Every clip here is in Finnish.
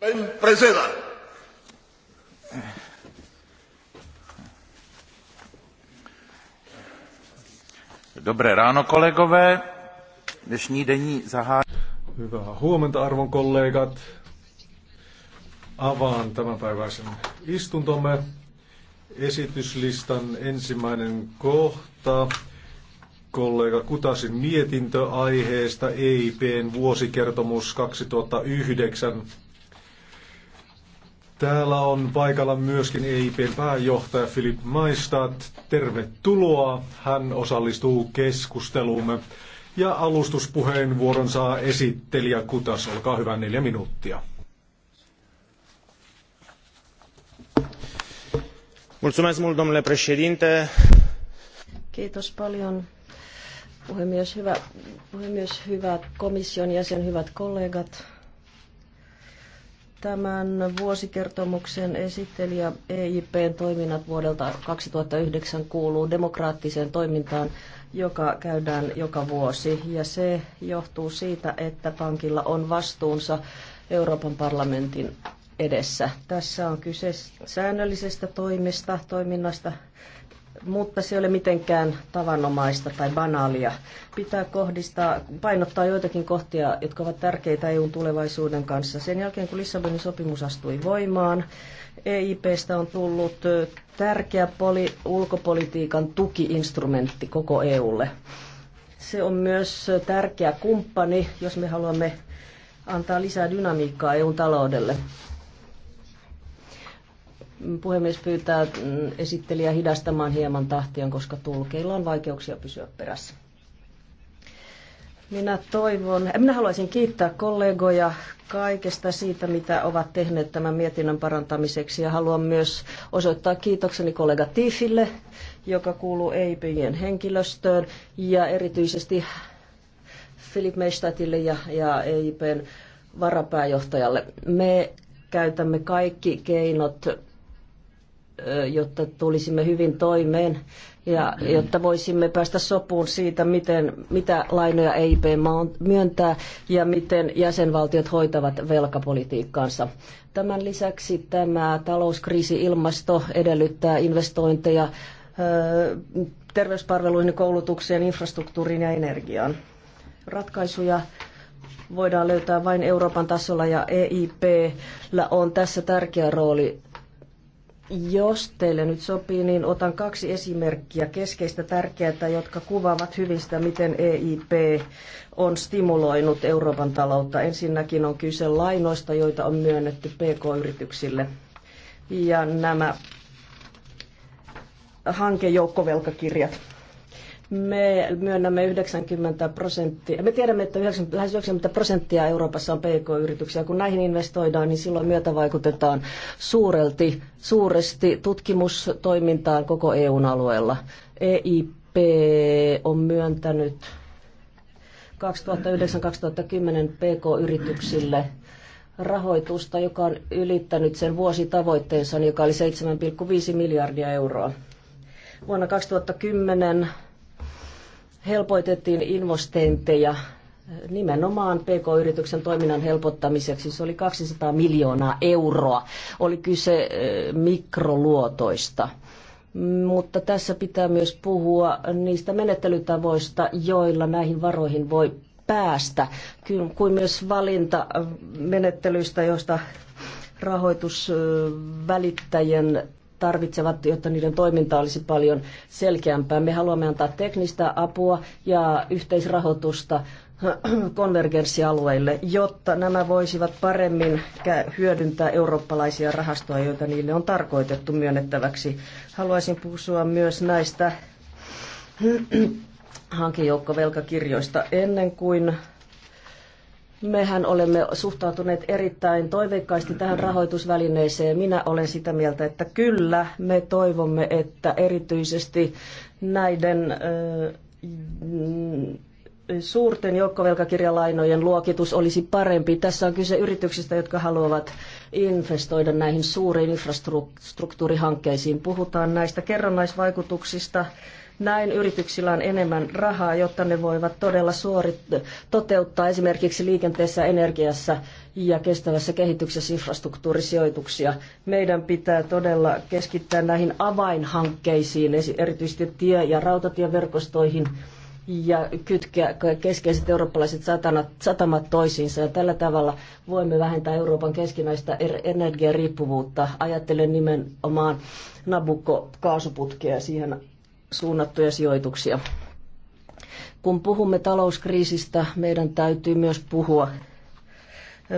Pani prezesa. Dobré ráno, kolegové. Dnešní denní zahá... Hyvää huomenta, arvon kollegat. Avaan päiväisen istuntomme. Esityslistan ensimmäinen kohta kollega Kutasin mietintö aiheesta EIPn vuosikertomus 2009. Täällä on paikalla myöskin EIPn pääjohtaja Filip Maistat. Tervetuloa. Hän osallistuu keskusteluumme. Ja alustuspuheenvuoron saa esittelijä Kutas. Olkaa hyvä, neljä minuuttia. Mulțumesc mult, domnule președinte. Kiitos paljon, puhemies. Hyvä, puhemies, hyvä komission jäsen, hyvät kollegat. Tämän vuosikertomuksen esittelijä EIPn toiminnat vuodelta 2009 kuuluu demokraattiseen toimintaan, joka käydään joka vuosi. Ja se johtuu siitä, että pankilla on vastuunsa Euroopan parlamentin edessä. Tässä on kyse säännöllisestä toimista, toiminnasta, mutta se ei ole mitenkään tavanomaista tai banaalia. Pitää kohdistaa, painottaa joitakin kohtia, jotka ovat tärkeitä EUn tulevaisuuden kanssa. Sen jälkeen, kun Lissabonin sopimus astui voimaan, EIPstä on tullut tärkeä poli, ulkopolitiikan tukiinstrumentti koko EUlle. Se on myös tärkeä kumppani, jos me haluamme antaa lisää dynamiikkaa EUn taloudelle. Puhemies pyytää esittelijä hidastamaan hieman tahtiaan, koska tulkeilla on vaikeuksia pysyä perässä. Minä toivon, eh, minä haluaisin kiittää kollegoja kaikesta siitä, mitä ovat tehneet tämän mietinnön parantamiseksi. Ja haluan myös osoittaa kiitokseni kollega Tiifille, joka kuuluu EIPien henkilöstöön, ja erityisesti Philip Meistatille ja, ja EIPn varapääjohtajalle. Me käytämme kaikki keinot jotta tulisimme hyvin toimeen ja jotta voisimme päästä sopuun siitä, miten, mitä lainoja EIP myöntää ja miten jäsenvaltiot hoitavat velkapolitiikkaansa. Tämän lisäksi tämä talouskriisi ilmasto edellyttää investointeja terveyspalveluihin, koulutukseen, infrastruktuuriin ja energiaan. Ratkaisuja voidaan löytää vain Euroopan tasolla ja EIP on tässä tärkeä rooli jos teille nyt sopii, niin otan kaksi esimerkkiä keskeistä tärkeää, jotka kuvaavat hyvin sitä, miten EIP on stimuloinut Euroopan taloutta. Ensinnäkin on kyse lainoista, joita on myönnetty PK-yrityksille. Ja nämä hankejoukkovelkakirjat me myönnämme 90 prosenttia. Me tiedämme, että 90, lähes 90 prosenttia Euroopassa on PK-yrityksiä. Kun näihin investoidaan, niin silloin myötävaikutetaan suurelti, suuresti tutkimustoimintaan koko EUn alueella. EIP on myöntänyt 2009-2010 PK-yrityksille rahoitusta, joka on ylittänyt sen vuositavoitteensa, joka oli 7,5 miljardia euroa. Vuonna 2010 helpoitettiin investointeja nimenomaan PK-yrityksen toiminnan helpottamiseksi. Se oli 200 miljoonaa euroa. Oli kyse eh, mikroluotoista. Mutta tässä pitää myös puhua niistä menettelytavoista, joilla näihin varoihin voi päästä, kuin myös valintamenettelyistä, joista rahoitusvälittäjien tarvitsevat, jotta niiden toiminta olisi paljon selkeämpää. Me haluamme antaa teknistä apua ja yhteisrahoitusta konvergenssialueille, jotta nämä voisivat paremmin hyödyntää eurooppalaisia rahastoja, joita niille on tarkoitettu myönnettäväksi. Haluaisin puhua myös näistä hankijoukkovelkakirjoista ennen kuin Mehän olemme suhtautuneet erittäin toiveikkaasti tähän rahoitusvälineeseen. Minä olen sitä mieltä, että kyllä me toivomme, että erityisesti näiden mm, suurten joukkovelkakirjalainojen luokitus olisi parempi. Tässä on kyse yrityksistä, jotka haluavat investoida näihin suuriin infrastruktuurihankkeisiin. Puhutaan näistä kerrannaisvaikutuksista. Näin yrityksillä on enemmän rahaa, jotta ne voivat todella suorit, toteuttaa esimerkiksi liikenteessä, energiassa ja kestävässä kehityksessä infrastruktuurisijoituksia. Meidän pitää todella keskittää näihin avainhankkeisiin, erityisesti tie- ja rautatieverkostoihin ja kytkeä keskeiset eurooppalaiset satamat, satamat toisiinsa. Ja tällä tavalla voimme vähentää Euroopan keskinäistä er-, energiariippuvuutta. Ajattelen nimenomaan Nabucco-kaasuputkea siihen suunnattuja sijoituksia. Kun puhumme talouskriisistä, meidän täytyy myös puhua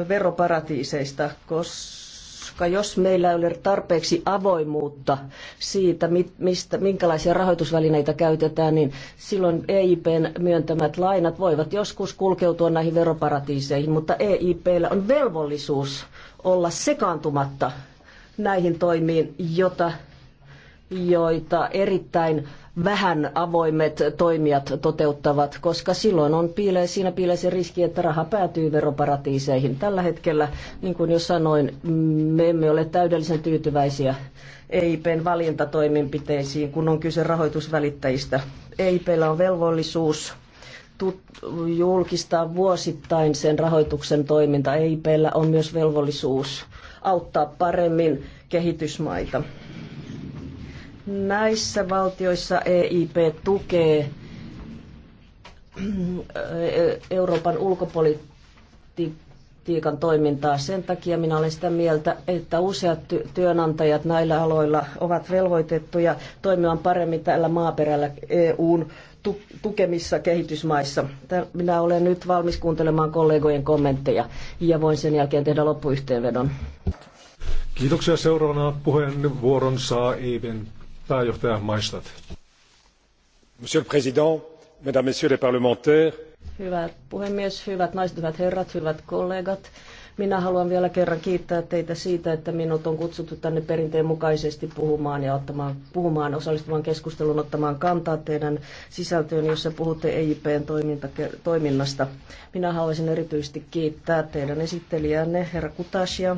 veroparatiiseista, koska jos meillä ei ole tarpeeksi avoimuutta siitä, mistä, minkälaisia rahoitusvälineitä käytetään, niin silloin EIPn myöntämät lainat voivat joskus kulkeutua näihin veroparatiiseihin, mutta EIPllä on velvollisuus olla sekaantumatta näihin toimiin, jota, joita erittäin vähän avoimet toimijat toteuttavat, koska silloin on piilee, siinä piilee se riski, että raha päätyy veroparatiiseihin. Tällä hetkellä, niin kuin jo sanoin, me emme ole täydellisen tyytyväisiä EIPn valintatoimenpiteisiin, kun on kyse rahoitusvälittäjistä. EIPllä on velvollisuus julkistaa vuosittain sen rahoituksen toiminta. EIPllä on myös velvollisuus auttaa paremmin kehitysmaita. Näissä valtioissa EIP tukee äh, Euroopan ulkopolitiikan toimintaa. Sen takia minä olen sitä mieltä, että useat työnantajat näillä aloilla ovat velvoitettuja toimimaan paremmin tällä maaperällä EUn tukemissa kehitysmaissa. Minä olen nyt valmis kuuntelemaan kollegojen kommentteja ja voin sen jälkeen tehdä loppuyhteenvedon. Kiitoksia. Seuraavana puheenvuoron saa Eiven pääjohtaja Maistat. Monsieur le Président, Mesdames, Messieurs les parlementaires. Hyvät puhemies, hyvät naiset, hyvät herrat, hyvät kollegat. Minä haluan vielä kerran kiittää teitä siitä, että minut on kutsuttu tänne perinteen mukaisesti puhumaan ja ottamaan, puhumaan, osallistumaan keskusteluun, ottamaan kantaa teidän sisältöön, jossa puhutte EIPn toiminnasta. Minä haluaisin erityisesti kiittää teidän esittelijänne, herra Kutasia,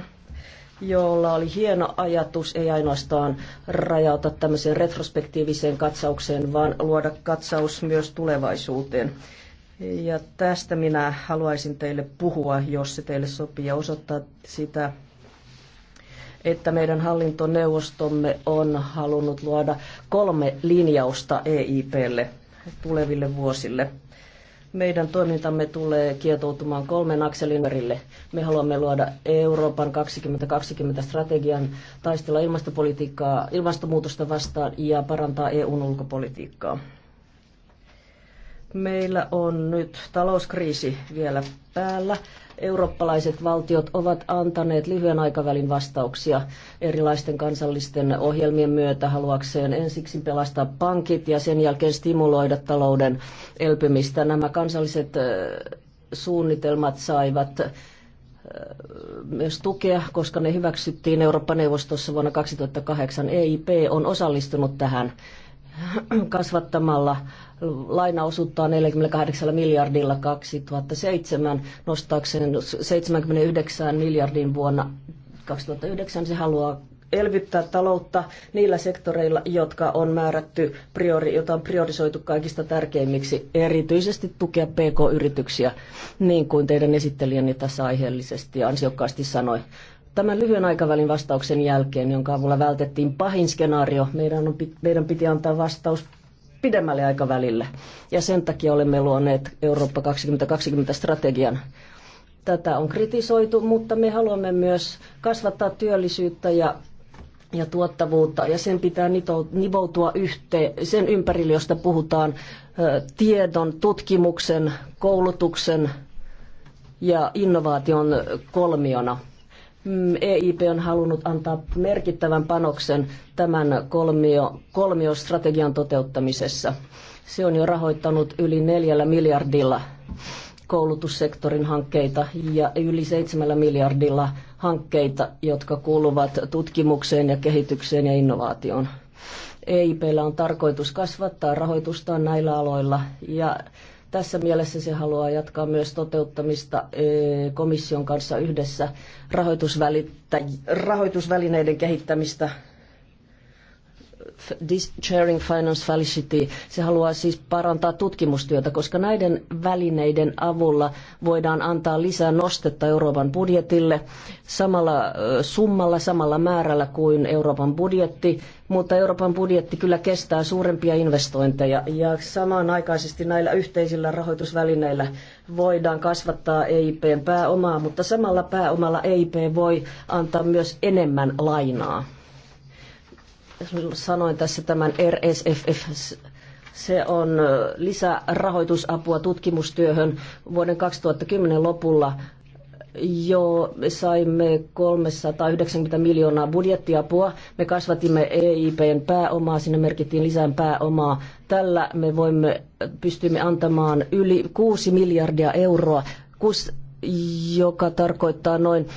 jolla oli hieno ajatus ei ainoastaan rajauta tämmöiseen retrospektiiviseen katsaukseen, vaan luoda katsaus myös tulevaisuuteen. Ja tästä minä haluaisin teille puhua, jos se teille sopii, ja osoittaa sitä, että meidän hallintoneuvostomme on halunnut luoda kolme linjausta EIPlle tuleville vuosille – meidän toimintamme tulee kietoutumaan kolmen akselin ympärille. Me haluamme luoda Euroopan 2020-strategian, taistella ilmastopolitiikkaa, ilmastonmuutosta vastaan ja parantaa EUn ulkopolitiikkaa. Meillä on nyt talouskriisi vielä päällä. Eurooppalaiset valtiot ovat antaneet lyhyen aikavälin vastauksia erilaisten kansallisten ohjelmien myötä haluakseen ensiksi pelastaa pankit ja sen jälkeen stimuloida talouden elpymistä. Nämä kansalliset suunnitelmat saivat myös tukea, koska ne hyväksyttiin Eurooppa-neuvostossa vuonna 2008. EIP on osallistunut tähän kasvattamalla lainaosuuttaan 48 miljardilla 2007 nostaakseen 79 miljardin vuonna 2009. Se haluaa elvyttää taloutta niillä sektoreilla, jotka on määrätty, priori, jota on priorisoitu kaikista tärkeimmiksi, erityisesti tukea PK-yrityksiä, niin kuin teidän esittelijänne tässä aiheellisesti ja ansiokkaasti sanoi. Tämän lyhyen aikavälin vastauksen jälkeen, jonka avulla vältettiin pahin skenaario, meidän, on, meidän piti antaa vastaus pidemmälle aikavälille. Ja sen takia olemme luoneet Eurooppa 2020-strategian. Tätä on kritisoitu, mutta me haluamme myös kasvattaa työllisyyttä ja ja tuottavuutta, ja sen pitää nivoutua yhteen sen ympärille, josta puhutaan tiedon, tutkimuksen, koulutuksen ja innovaation kolmiona. Mm, EIP on halunnut antaa merkittävän panoksen tämän kolmio, kolmiostrategian toteuttamisessa. Se on jo rahoittanut yli neljällä miljardilla koulutussektorin hankkeita ja yli seitsemällä miljardilla hankkeita, jotka kuuluvat tutkimukseen ja kehitykseen ja innovaatioon. EIPllä on tarkoitus kasvattaa rahoitustaan näillä aloilla ja tässä mielessä se haluaa jatkaa myös toteuttamista eh, komission kanssa yhdessä rahoitusvälineiden kehittämistä Sharing Finance Felicity. Se haluaa siis parantaa tutkimustyötä, koska näiden välineiden avulla voidaan antaa lisää nostetta Euroopan budjetille samalla summalla, samalla määrällä kuin Euroopan budjetti, mutta Euroopan budjetti kyllä kestää suurempia investointeja ja samanaikaisesti näillä yhteisillä rahoitusvälineillä voidaan kasvattaa EIPn pääomaa, mutta samalla pääomalla EIP voi antaa myös enemmän lainaa sanoin tässä tämän RSFF. Se on lisärahoitusapua tutkimustyöhön vuoden 2010 lopulla. Jo me saimme 390 miljoonaa budjettiapua. Me kasvatimme EIPn pääomaa, sinne merkittiin lisää pääomaa. Tällä me voimme, pystymme antamaan yli 6 miljardia euroa, joka tarkoittaa noin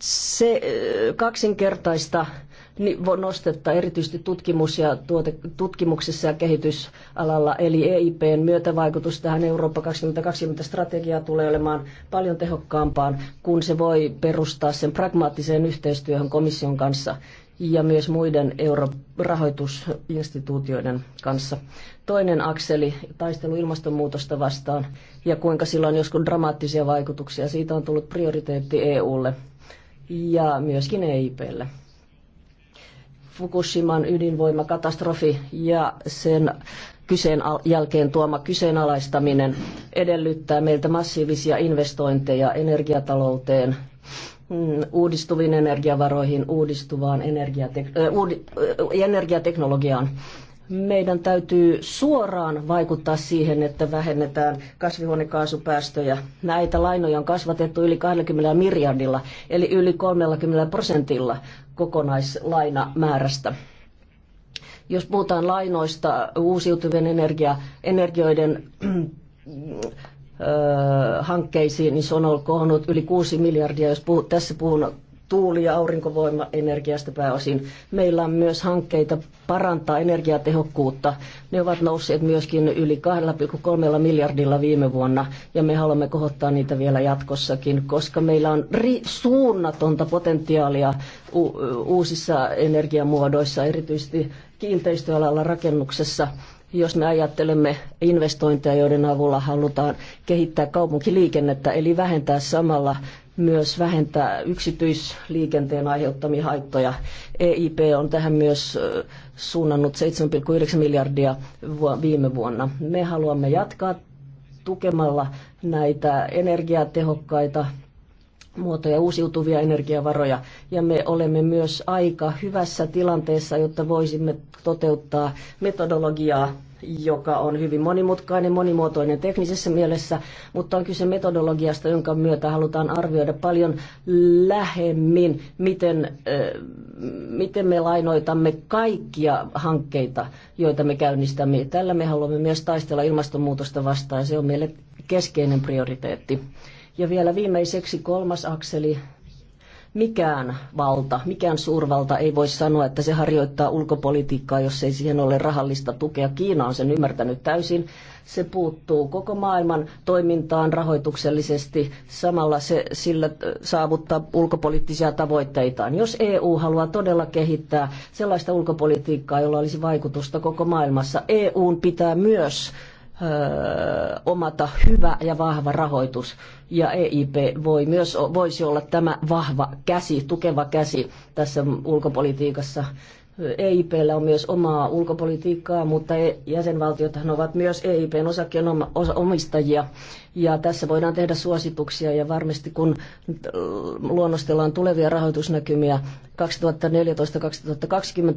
se kaksinkertaista nostetta erityisesti tutkimus- ja tuote, tutkimuksessa ja kehitysalalla, eli EIPn myötävaikutus tähän Eurooppa 2020-strategiaan tulee olemaan paljon tehokkaampaan, kun se voi perustaa sen pragmaattiseen yhteistyöhön komission kanssa ja myös muiden eurorahoitusinstituutioiden kanssa. Toinen akseli, taistelu ilmastonmuutosta vastaan ja kuinka sillä on joskus dramaattisia vaikutuksia. Siitä on tullut prioriteetti EUlle ja myöskin EIPlle. Fukushiman ydinvoimakatastrofi ja sen kyseen jälkeen tuoma kyseenalaistaminen edellyttää meiltä massiivisia investointeja energiatalouteen, mm, uudistuviin energiavaroihin, uudistuvaan energiatek- uud- energiateknologiaan. Meidän täytyy suoraan vaikuttaa siihen, että vähennetään kasvihuonekaasupäästöjä. Näitä lainoja on kasvatettu yli 20 miljardilla, eli yli 30 prosentilla kokonaislainamäärästä. Jos puhutaan lainoista uusiutuvien energia, energioiden hankkeisiin, niin se on ollut kohonnut yli 6 miljardia, jos puhut, tässä puhun tuuli- ja aurinkovoimaenergiasta pääosin. Meillä on myös hankkeita parantaa energiatehokkuutta. Ne ovat nousseet myöskin yli 2,3 miljardilla viime vuonna ja me haluamme kohottaa niitä vielä jatkossakin, koska meillä on ri- suunnatonta potentiaalia u- uusissa energiamuodoissa, erityisesti kiinteistöalalla rakennuksessa jos me ajattelemme investointeja, joiden avulla halutaan kehittää kaupunkiliikennettä, eli vähentää samalla myös vähentää yksityisliikenteen aiheuttamia haittoja. EIP on tähän myös suunnannut 7,9 miljardia viime vuonna. Me haluamme jatkaa tukemalla näitä energiatehokkaita muotoja, uusiutuvia energiavaroja. Ja me olemme myös aika hyvässä tilanteessa, jotta voisimme toteuttaa metodologiaa joka on hyvin monimutkainen, monimuotoinen teknisessä mielessä, mutta on kyse metodologiasta, jonka myötä halutaan arvioida paljon lähemmin, miten, miten me lainoitamme kaikkia hankkeita, joita me käynnistämme. Tällä me haluamme myös taistella ilmastonmuutosta vastaan, ja se on meille keskeinen prioriteetti. Ja vielä viimeiseksi kolmas akseli, mikään valta, mikään suurvalta ei voi sanoa, että se harjoittaa ulkopolitiikkaa, jos ei siihen ole rahallista tukea. Kiina on sen ymmärtänyt täysin. Se puuttuu koko maailman toimintaan rahoituksellisesti. Samalla se sillä saavuttaa ulkopoliittisia tavoitteitaan. Jos EU haluaa todella kehittää sellaista ulkopolitiikkaa, jolla olisi vaikutusta koko maailmassa, EUn pitää myös omata hyvä ja vahva rahoitus. Ja EIP voi myös, voisi olla tämä vahva käsi, tukeva käsi tässä ulkopolitiikassa. EIPllä on myös omaa ulkopolitiikkaa, mutta e- jäsenvaltiothan ovat myös EIPn osakkeen omistajia. Ja tässä voidaan tehdä suosituksia ja varmasti kun luonnostellaan tulevia rahoitusnäkymiä 2014-2020,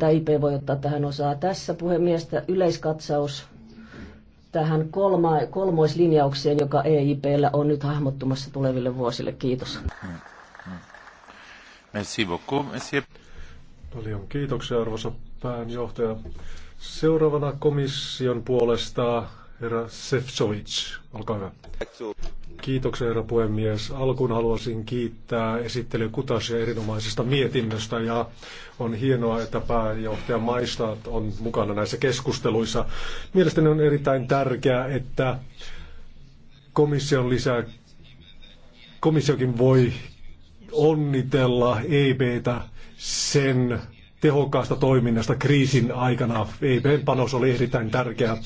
EIP voi ottaa tähän osaa. Tässä puhemies yleiskatsaus tähän kolma, kolmoislinjaukseen, joka EIPllä on nyt hahmottumassa tuleville vuosille. Kiitos. Merci beaucoup, monsieur. Paljon kiitoksia, arvoisa pääjohtaja. Seuraavana komission puolesta herra Sefcovic. Olkaa hyvä. Kiitoksia, herra puhemies. Alkuun haluaisin kiittää esittely Kutasia erinomaisesta mietinnöstä ja on hienoa, että pääjohtaja Maistaat on mukana näissä keskusteluissa. Mielestäni on erittäin tärkeää, että komission lisää, komissiokin voi onnitella EBtä sen tehokkaasta toiminnasta kriisin aikana. EIPn panos oli erittäin tärkeä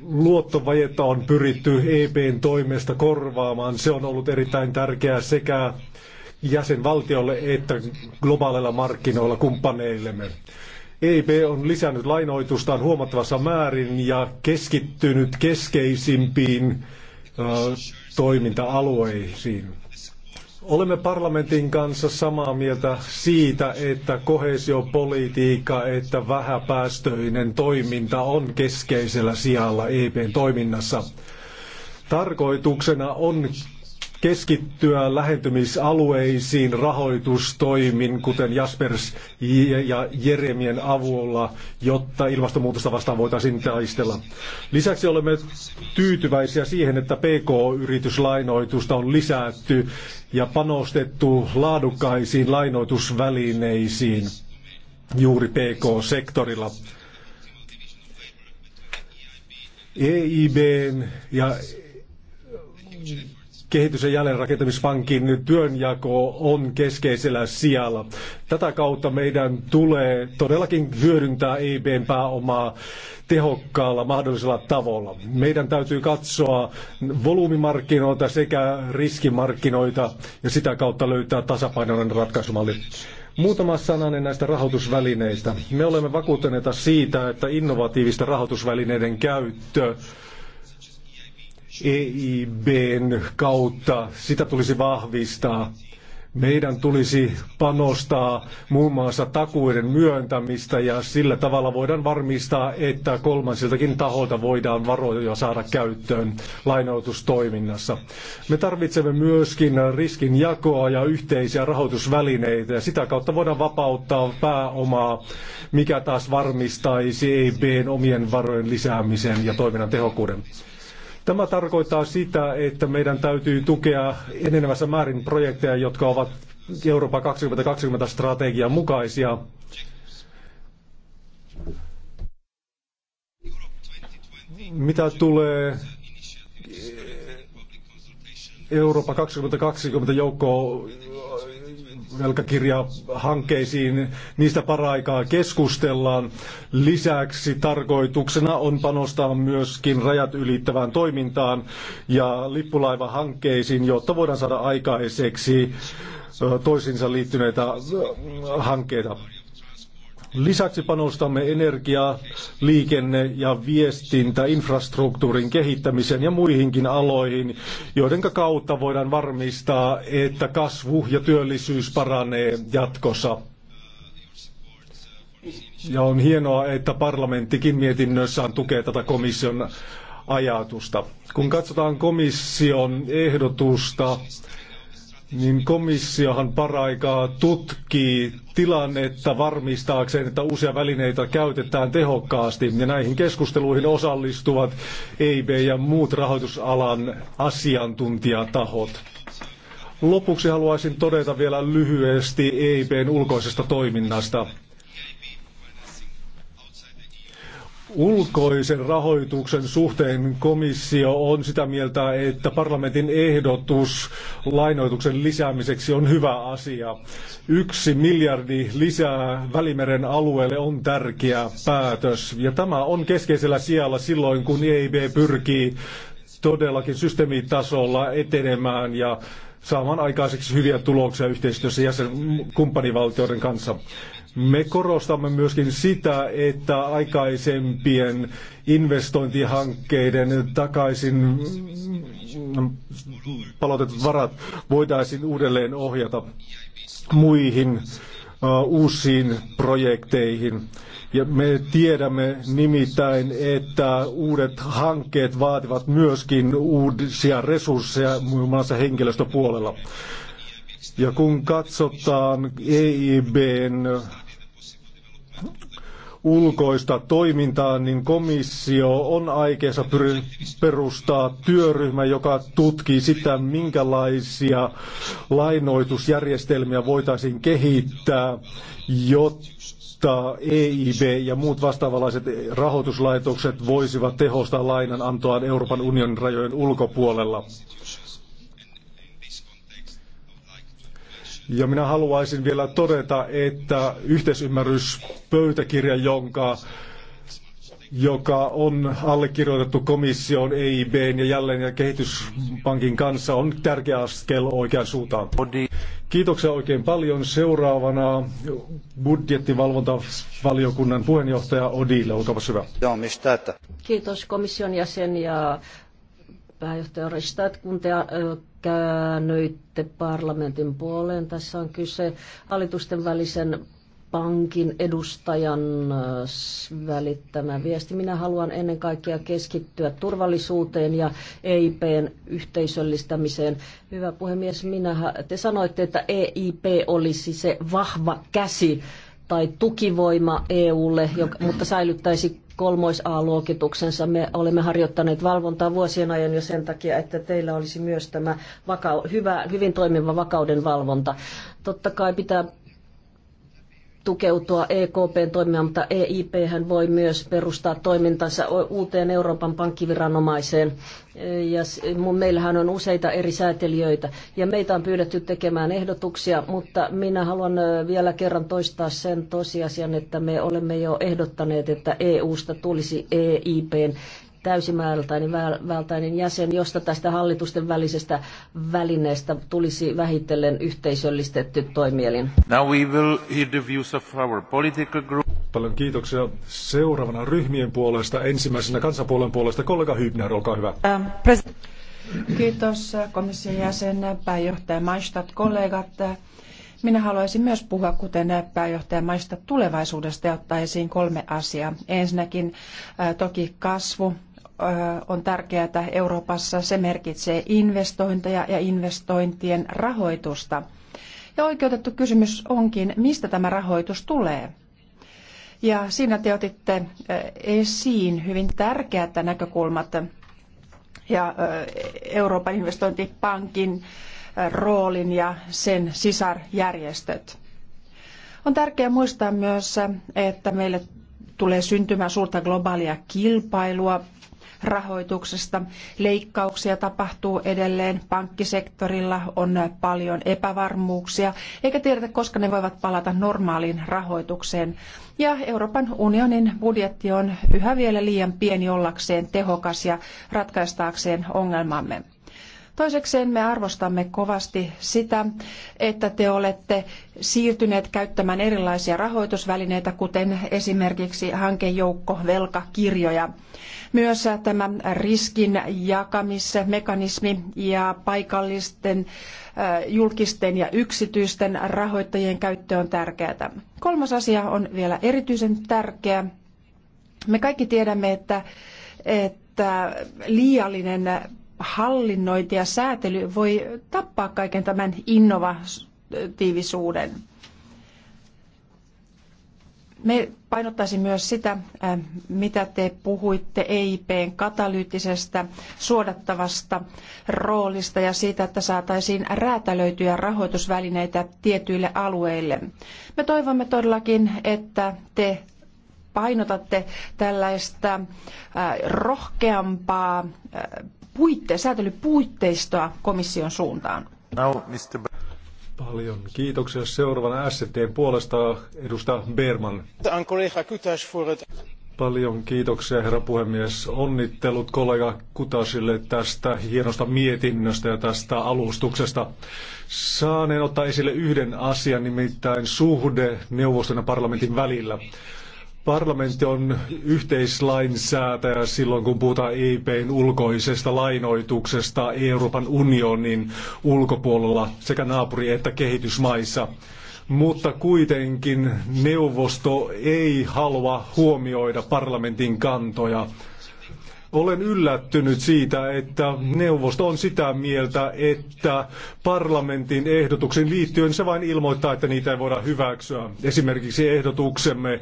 luottovajetta on pyritty EPn toimesta korvaamaan. Se on ollut erittäin tärkeää sekä jäsenvaltiolle että globaaleilla markkinoilla kumppaneillemme. EIP on lisännyt lainoitustaan huomattavassa määrin ja keskittynyt keskeisimpiin ö, toiminta-alueisiin. Olemme parlamentin kanssa samaa mieltä siitä, että kohesiopolitiikka, että vähäpäästöinen toiminta on keskeisellä sijalla EPn toiminnassa. Tarkoituksena on keskittyä lähentymisalueisiin rahoitustoimin, kuten Jaspers ja Jeremien avulla, jotta ilmastonmuutosta vastaan voitaisiin taistella. Lisäksi olemme tyytyväisiä siihen, että PK-yrityslainoitusta on lisätty ja panostettu laadukkaisiin lainoitusvälineisiin juuri PK-sektorilla. EIBn ja kehitys- ja jälleenrakentamispankin työnjako on keskeisellä sijalla. Tätä kautta meidän tulee todellakin hyödyntää EIBn pääomaa tehokkaalla mahdollisella tavalla. Meidän täytyy katsoa volyymimarkkinoita sekä riskimarkkinoita ja sitä kautta löytää tasapainoinen ratkaisumalli. Muutama sananen näistä rahoitusvälineistä. Me olemme vakuuttuneita siitä, että innovatiivista rahoitusvälineiden käyttö EIBn kautta. Sitä tulisi vahvistaa. Meidän tulisi panostaa muun muassa takuiden myöntämistä ja sillä tavalla voidaan varmistaa, että kolmansiltakin taholta voidaan varoja saada käyttöön lainoitustoiminnassa. Me tarvitsemme myöskin riskin jakoa ja yhteisiä rahoitusvälineitä ja sitä kautta voidaan vapauttaa pääomaa, mikä taas varmistaisi EIBn omien varojen lisäämisen ja toiminnan tehokkuuden. Tämä tarkoittaa sitä, että meidän täytyy tukea enenevässä määrin projekteja, jotka ovat Euroopan 2020-strategian mukaisia. Mitä tulee Eurooppa 2020 joukkoon velkakirjahankkeisiin. Niistä paraikaa keskustellaan. Lisäksi tarkoituksena on panostaa myöskin rajat ylittävään toimintaan ja lippulaivahankkeisiin, jotta voidaan saada aikaiseksi toisiinsa liittyneitä hankkeita. Lisäksi panostamme energia, liikenne ja viestintä, infrastruktuurin kehittämiseen ja muihinkin aloihin, joiden kautta voidaan varmistaa, että kasvu ja työllisyys paranee jatkossa. Ja on hienoa, että parlamenttikin mietinnössään tukee tätä komission ajatusta. Kun katsotaan komission ehdotusta, niin komissiohan paraikaa tutkii tilannetta varmistaakseen, että uusia välineitä käytetään tehokkaasti. Ja näihin keskusteluihin osallistuvat EIB ja muut rahoitusalan asiantuntijatahot. Lopuksi haluaisin todeta vielä lyhyesti EIBn ulkoisesta toiminnasta. ulkoisen rahoituksen suhteen komissio on sitä mieltä, että parlamentin ehdotus lainoituksen lisäämiseksi on hyvä asia. Yksi miljardi lisää Välimeren alueelle on tärkeä päätös. Ja tämä on keskeisellä sijalla silloin, kun EIB pyrkii todellakin systeemitasolla etenemään ja saamaan aikaiseksi hyviä tuloksia yhteistyössä jäsen kumppanivaltioiden kanssa. Me korostamme myöskin sitä, että aikaisempien investointihankkeiden takaisin palautetut varat voitaisiin uudelleen ohjata muihin äh, uusiin projekteihin. Ja me tiedämme nimittäin, että uudet hankkeet vaativat myöskin uusia resursseja muun muassa henkilöstöpuolella. Ja kun katsotaan EIBn ulkoista toimintaa, niin komissio on aikeessa perustaa työryhmä, joka tutkii sitä, minkälaisia lainoitusjärjestelmiä voitaisiin kehittää, jotta EIB ja muut vastaavanlaiset rahoituslaitokset voisivat tehostaa lainanantoaan Euroopan unionin rajojen ulkopuolella. Ja minä haluaisin vielä todeta, että yhteisymmärryspöytäkirja, jonka joka on allekirjoitettu komission, EIBn ja jälleen ja kehityspankin kanssa, on tärkeä askel oikeaan suuntaan. Kiitoksia oikein paljon. Seuraavana budjettivalvontavaliokunnan puheenjohtaja Odile, olkaa hyvä. Kiitos komission jäsen ja pääjohtaja Ristad, kun te käännöitte parlamentin puoleen. Tässä on kyse hallitusten välisen pankin edustajan välittämä viesti. Minä haluan ennen kaikkea keskittyä turvallisuuteen ja EIPn yhteisöllistämiseen. Hyvä puhemies, minä, te sanoitte, että EIP olisi se vahva käsi tai tukivoima EUlle, joka, mutta säilyttäisi kolmois A-luokituksensa. Me olemme harjoittaneet valvontaa vuosien ajan jo sen takia, että teillä olisi myös tämä hyvä, hyvin toimiva vakauden valvonta. Totta kai pitää tukeutua EKPn toimia, mutta EIP hän voi myös perustaa toimintansa uuteen Euroopan pankkiviranomaiseen. Ja meillähän on useita eri säätelijöitä ja meitä on pyydetty tekemään ehdotuksia, mutta minä haluan vielä kerran toistaa sen tosiasian, että me olemme jo ehdottaneet, että EUsta tulisi EIPn täysimääräinen valtainen jäsen, josta tästä hallitusten välisestä välineestä tulisi vähitellen yhteisöllistetty toimielin. Now we will hear the views of our political group. Paljon kiitoksia. Seuraavana ryhmien puolesta, ensimmäisenä kansanpuolen puolesta, kollega Hybner, olkaa hyvä. Um, Kiitos äh, komission jäsen, äh, pääjohtaja Maistat, kollegat. Äh, minä haluaisin myös puhua, kuten pääjohtaja Maista, tulevaisuudesta ja ottaa esiin kolme asiaa. Ensinnäkin toki kasvu, on tärkeää, että Euroopassa se merkitsee investointeja ja investointien rahoitusta. Ja oikeutettu kysymys onkin, mistä tämä rahoitus tulee. Ja siinä te otitte esiin hyvin tärkeät näkökulmat ja Euroopan investointipankin roolin ja sen sisarjärjestöt. On tärkeää muistaa myös, että meille tulee syntymään suurta globaalia kilpailua rahoituksesta. Leikkauksia tapahtuu edelleen, pankkisektorilla on paljon epävarmuuksia, eikä tiedetä, koska ne voivat palata normaaliin rahoitukseen. Ja Euroopan unionin budjetti on yhä vielä liian pieni ollakseen tehokas ja ratkaistaakseen ongelmamme. Toisekseen me arvostamme kovasti sitä, että te olette siirtyneet käyttämään erilaisia rahoitusvälineitä, kuten esimerkiksi hankejoukko velkakirjoja. Myös tämä riskin jakamismekanismi ja paikallisten äh, julkisten ja yksityisten rahoittajien käyttö on tärkeää. Kolmas asia on vielä erityisen tärkeä. Me kaikki tiedämme, että, että liiallinen hallinnointi ja säätely voi tappaa kaiken tämän innovatiivisuuden. Me painottaisin myös sitä, äh, mitä te puhuitte EIPn katalyyttisestä suodattavasta roolista ja siitä, että saataisiin räätälöityjä rahoitusvälineitä tietyille alueille. Me toivomme todellakin, että te painotatte tällaista äh, rohkeampaa äh, puitte, säätelypuitteistoa komission suuntaan. Now, Mr. Paljon kiitoksia. Seuraavana SCTn puolesta edustaja Berman. Paljon kiitoksia, herra puhemies. Onnittelut kollega Kutasille tästä hienosta mietinnöstä ja tästä alustuksesta. Saaneen ottaa esille yhden asian, nimittäin suhde neuvoston ja parlamentin välillä. Parlamentti on yhteislainsäätäjä silloin, kun puhutaan EIPn ulkoisesta lainoituksesta Euroopan unionin ulkopuolella sekä naapuri- että kehitysmaissa. Mutta kuitenkin neuvosto ei halua huomioida parlamentin kantoja. Olen yllättynyt siitä, että neuvosto on sitä mieltä, että parlamentin ehdotuksiin liittyen se vain ilmoittaa, että niitä ei voida hyväksyä. Esimerkiksi ehdotuksemme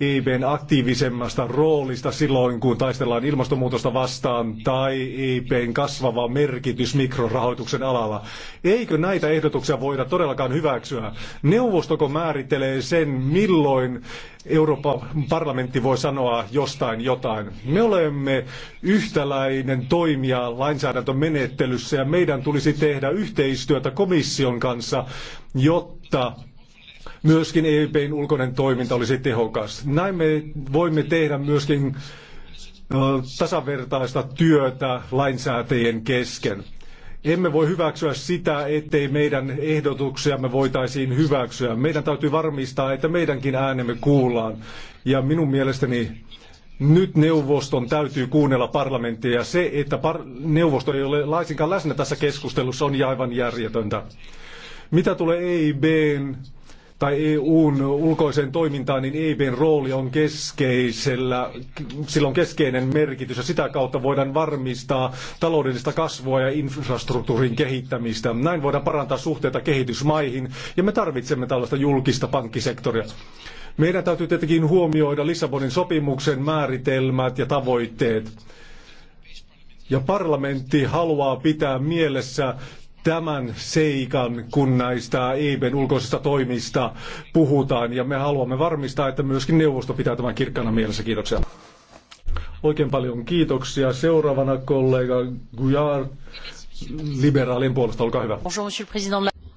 EIBn aktiivisemmasta roolista silloin, kun taistellaan ilmastonmuutosta vastaan tai EIBn kasvava merkitys mikrorahoituksen alalla. Eikö näitä ehdotuksia voida todellakaan hyväksyä? Neuvostoko määrittelee sen, milloin Euroopan parlamentti voi sanoa jostain jotain. Me olemme yhtäläinen toimija lainsäädäntömenettelyssä ja meidän tulisi tehdä yhteistyötä komission kanssa, jotta myöskin EiB:n ulkoinen toiminta olisi tehokas. Näin me voimme tehdä myöskin tasavertaista työtä lainsäätäjien kesken. Emme voi hyväksyä sitä, ettei meidän ehdotuksiamme voitaisiin hyväksyä. Meidän täytyy varmistaa, että meidänkin äänemme kuullaan. Ja minun mielestäni nyt neuvoston täytyy kuunnella parlamenttia ja se, että neuvosto ei ole laisinkaan läsnä tässä keskustelussa, on aivan järjetöntä. Mitä tulee EIBn tai EUn ulkoiseen toimintaan, niin EIBn rooli on keskeisellä, sillä on keskeinen merkitys ja sitä kautta voidaan varmistaa taloudellista kasvua ja infrastruktuurin kehittämistä. Näin voidaan parantaa suhteita kehitysmaihin ja me tarvitsemme tällaista julkista pankkisektoria. Meidän täytyy tietenkin huomioida Lissabonin sopimuksen määritelmät ja tavoitteet. Ja parlamentti haluaa pitää mielessä tämän seikan, kun näistä EIBn ulkoisista toimista puhutaan. Ja me haluamme varmistaa, että myöskin neuvosto pitää tämän kirkkana mielessä. Kiitoksia. Oikein paljon kiitoksia. Seuraavana kollega Gujar liberaalien puolesta. Olkaa hyvä.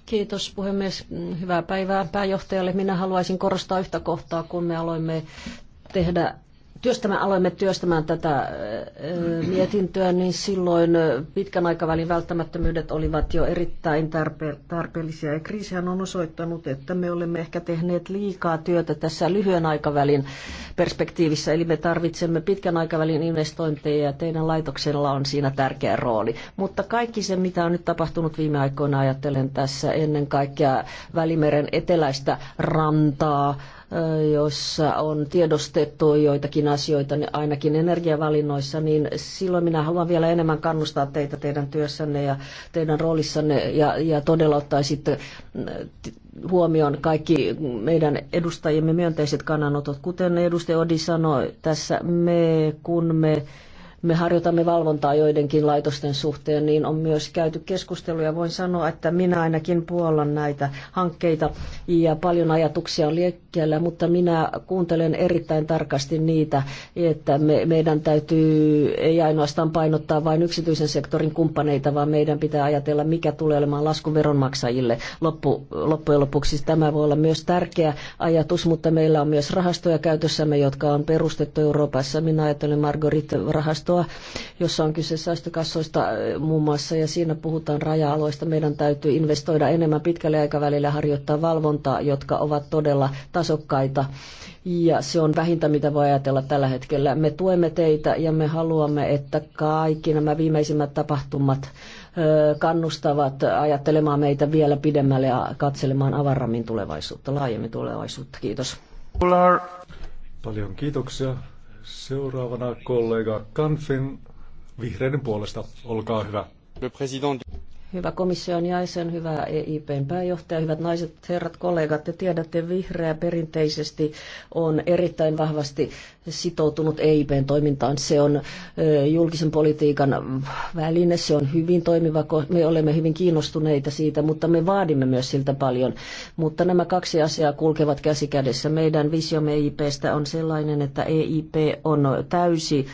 Kiitos puhemies. Hyvää päivää pääjohtajalle. Minä haluaisin korostaa yhtä kohtaa, kun me aloimme tehdä työstämään, aloimme työstämään tätä mietintöä, niin silloin pitkän aikavälin välttämättömyydet olivat jo erittäin tarpe- tarpeellisia. Ja kriisihän on osoittanut, että me olemme ehkä tehneet liikaa työtä tässä lyhyen aikavälin perspektiivissä, eli me tarvitsemme pitkän aikavälin investointeja ja teidän laitoksella on siinä tärkeä rooli. Mutta kaikki se, mitä on nyt tapahtunut viime aikoina, ajattelen tässä ennen kaikkea Välimeren eteläistä rantaa, joissa on tiedostettu joitakin asioita, niin ainakin energiavalinnoissa, niin silloin minä haluan vielä enemmän kannustaa teitä teidän työssänne ja teidän roolissanne ja, ja todella ottaisitte mm, huomioon kaikki meidän edustajimme myönteiset kannanotot. Kuten edustaja Odi sanoi, tässä me, kun me me harjoitamme valvontaa joidenkin laitosten suhteen, niin on myös käyty keskusteluja. Voin sanoa, että minä ainakin puollan näitä hankkeita ja paljon ajatuksia on liikkeellä, mutta minä kuuntelen erittäin tarkasti niitä, että me, meidän täytyy ei ainoastaan painottaa vain yksityisen sektorin kumppaneita, vaan meidän pitää ajatella, mikä tulee olemaan lasku veronmaksajille. Loppu, loppujen lopuksi siis tämä voi olla myös tärkeä ajatus, mutta meillä on myös rahastoja käytössämme, jotka on perustettu Euroopassa. Minä ajattelen Margarit-rahastoa säästökassoa, jossa on kyse säästökassoista äh, muun muassa, ja siinä puhutaan raja-aloista. Meidän täytyy investoida enemmän pitkälle aikavälillä harjoittaa valvontaa, jotka ovat todella tasokkaita. Ja se on vähintä, mitä voi ajatella tällä hetkellä. Me tuemme teitä ja me haluamme, että kaikki nämä viimeisimmät tapahtumat äh, kannustavat ajattelemaan meitä vielä pidemmälle ja katselemaan avarammin tulevaisuutta, laajemmin tulevaisuutta. Kiitos. Paljon kiitoksia. Seuraavana kollega Kanfen vihreiden puolesta. Olkaa hyvä. Hyvä komission jäsen, hyvä EIPn pääjohtaja, hyvät naiset, herrat, kollegat, te tiedätte, vihreä perinteisesti on erittäin vahvasti sitoutunut EIPn toimintaan. Se on julkisen politiikan väline, se on hyvin toimiva, me olemme hyvin kiinnostuneita siitä, mutta me vaadimme myös siltä paljon. Mutta nämä kaksi asiaa kulkevat käsi kädessä. Meidän visiomme EIPstä on sellainen, että EIP on täysi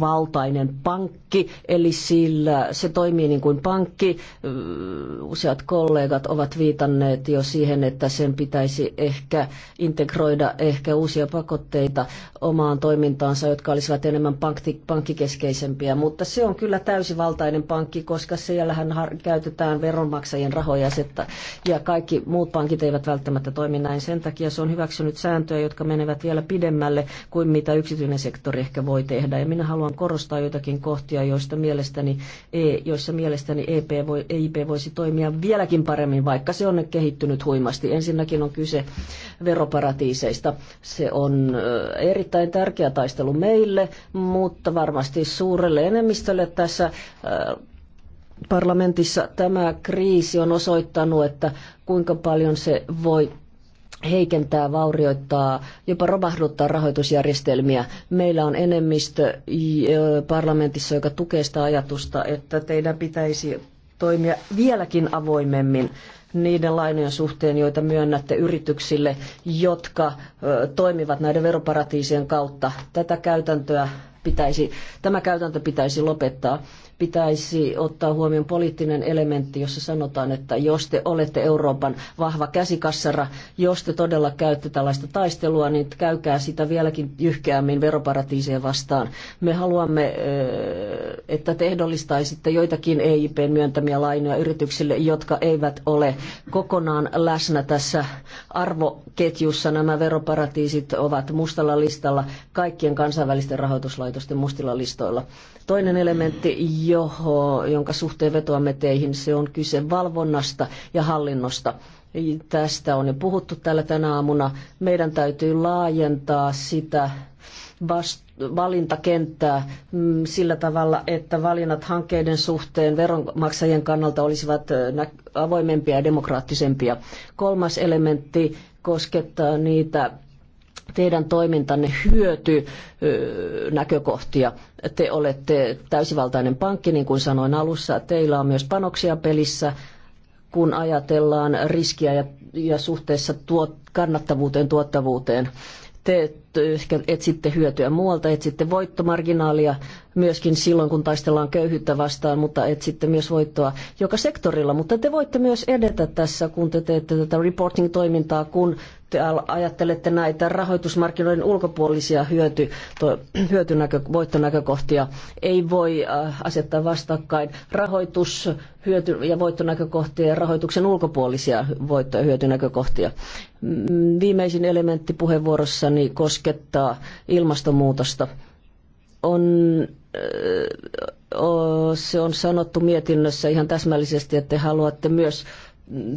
valtainen pankki, eli sillä se toimii niin kuin pankki. Useat kollegat ovat viitanneet jo siihen, että sen pitäisi ehkä integroida ehkä uusia pakotteita omaan toimintaansa, jotka olisivat enemmän pankki, pankkikeskeisempiä, mutta se on kyllä täysivaltainen pankki, koska siellähän käytetään veronmaksajien rahoja ja kaikki muut pankit eivät välttämättä toimi näin. Sen takia se on hyväksynyt sääntöjä, jotka menevät vielä pidemmälle kuin mitä yksityinen sektori ehkä voi tehdä. Ja minä haluan korostaa jotakin kohtia, joista mielestäni, e, joissa mielestäni EP voi, EIP voisi toimia vieläkin paremmin, vaikka se on kehittynyt huimasti. Ensinnäkin on kyse veroparatiiseista. Se on erittäin tärkeä taistelu meille, mutta varmasti suurelle enemmistölle tässä parlamentissa tämä kriisi on osoittanut, että kuinka paljon se voi heikentää, vaurioittaa, jopa romahduttaa rahoitusjärjestelmiä. Meillä on enemmistö parlamentissa, joka tukee sitä ajatusta, että teidän pitäisi toimia vieläkin avoimemmin niiden lainojen suhteen, joita myönnätte yrityksille, jotka toimivat näiden veroparatiisien kautta. Tätä käytäntöä pitäisi, tämä käytäntö pitäisi lopettaa. Pitäisi ottaa huomioon poliittinen elementti, jossa sanotaan, että jos te olette Euroopan vahva käsikassara, jos te todella käytte tällaista taistelua, niin käykää sitä vieläkin jyhkeämmin veroparatiiseen vastaan. Me haluamme, eh, että te ehdollistaisitte joitakin EIPn myöntämiä lainoja yrityksille, jotka eivät ole kokonaan läsnä tässä arvoketjussa. Nämä veroparatiisit ovat mustalla listalla kaikkien kansainvälisten rahoituslaitosten sanotusti mustilla listoilla. Toinen elementti, joho, jonka suhteen vetoamme teihin, se on kyse valvonnasta ja hallinnosta. Tästä on jo puhuttu täällä tänä aamuna. Meidän täytyy laajentaa sitä vastuuta valintakenttää mm, sillä tavalla, että valinnat hankkeiden suhteen veronmaksajien kannalta olisivat avoimempia ja demokraattisempia. Kolmas elementti koskettaa niitä teidän toimintanne hyöty näkökohtia. Te olette täysivaltainen pankki, niin kuin sanoin alussa. Teillä on myös panoksia pelissä, kun ajatellaan riskiä ja, ja suhteessa tuot, kannattavuuteen, tuottavuuteen. Te ehkä etsitte hyötyä muualta, etsitte voittomarginaalia myöskin silloin, kun taistellaan köyhyyttä vastaan, mutta etsitte myös voittoa joka sektorilla. Mutta te voitte myös edetä tässä, kun te teette tätä reporting-toimintaa, kun te ajattelette näitä rahoitusmarkkinoiden ulkopuolisia hyöty, to, hyötynäkö, voittonäkökohtia. Ei voi äh, asettaa vastakkain rahoitus, hyöty- ja voittonäkökohtia ja rahoituksen ulkopuolisia voitto- ja hyötynäkökohtia. Mm, viimeisin elementti puheenvuorossani koskee koskettaa ilmastonmuutosta. On, se on sanottu mietinnössä ihan täsmällisesti, että haluatte myös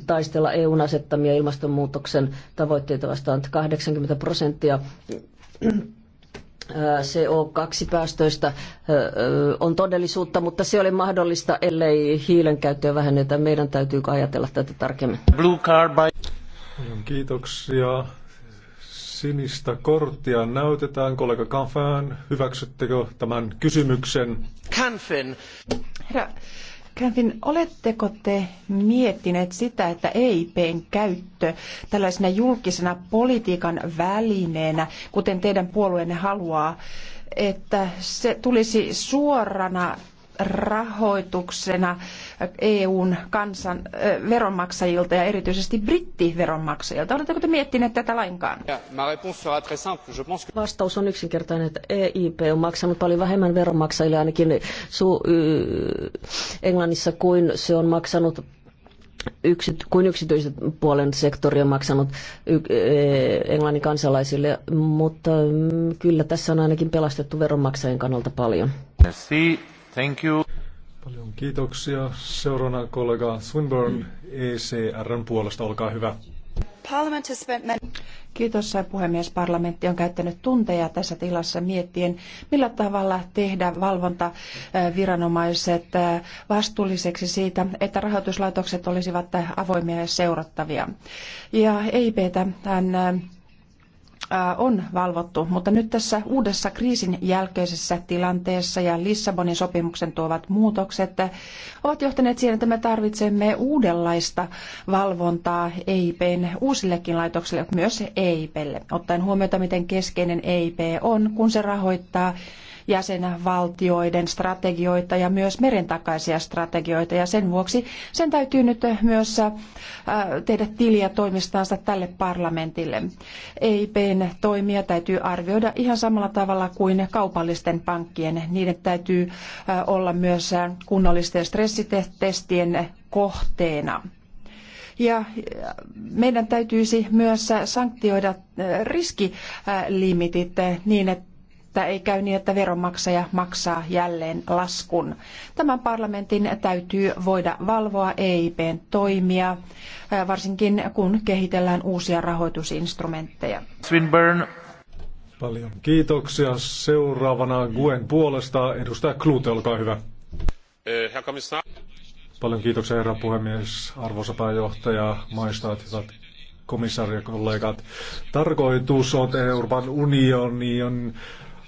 taistella EUn asettamia ilmastonmuutoksen tavoitteita vastaan. 80 prosenttia CO2-päästöistä on todellisuutta, mutta se oli mahdollista, ellei hiilen käyttöä vähennetä. Meidän täytyy ajatella tätä tarkemmin. Blue car by... Kiitoksia. Sinistä korttia näytetään. Kollega Canfin, hyväksyttekö tämän kysymyksen? Canfin. Herra Canfin, oletteko te miettineet sitä, että EIPn käyttö tällaisena julkisena politiikan välineenä, kuten teidän puolueenne haluaa, että se tulisi suorana rahoituksena EUn kansan veronmaksajilta ja erityisesti brittiveronmaksajilta? Oletteko te miettineet tätä lainkaan? Vastaus on yksinkertainen, että EIP on maksanut paljon vähemmän veronmaksajille ainakin su- y- Englannissa kuin se on maksanut yksity, kuin yksityisen puolen sektori on maksanut y, e, englannin kansalaisille, mutta mm, kyllä tässä on ainakin pelastettu veronmaksajien kannalta paljon. Thank you. Paljon kiitoksia. Seuraavana kollega Swinburne ECRn puolesta, olkaa hyvä. Kiitos puhemies. Parlamentti on käyttänyt tunteja tässä tilassa miettien, millä tavalla tehdä valvontaviranomaiset äh, äh, vastuulliseksi siitä, että rahoituslaitokset olisivat avoimia ja seurattavia. Ja EIPtä hän äh, Äh, on valvottu, mutta nyt tässä uudessa kriisin jälkeisessä tilanteessa ja Lissabonin sopimuksen tuovat muutokset ovat johtaneet siihen, että me tarvitsemme uudenlaista valvontaa EIPn uusillekin laitoksille, myös EIPlle, ottaen huomiota, miten keskeinen EIP on, kun se rahoittaa jäsenvaltioiden strategioita ja myös merentakaisia strategioita. Ja sen vuoksi sen täytyy nyt myös äh, tehdä tiliä toimistansa tälle parlamentille. EIPn toimia täytyy arvioida ihan samalla tavalla kuin kaupallisten pankkien. Niiden täytyy äh, olla myös äh, kunnollisten stressitestien kohteena. Ja meidän täytyisi myös sanktioida riskilimitit niin, että että ei käy niin, että veronmaksaja maksaa jälleen laskun. Tämän parlamentin täytyy voida valvoa EIPn toimia, varsinkin kun kehitellään uusia rahoitusinstrumentteja. Swinburne. Paljon kiitoksia. Seuraavana Guen puolesta edustaja Klute, olkaa hyvä. Eh, Paljon kiitoksia herra puhemies, arvoisa pääjohtaja, maistaat, hyvät komissaariokollegat. Tarkoitus on Euroopan unionin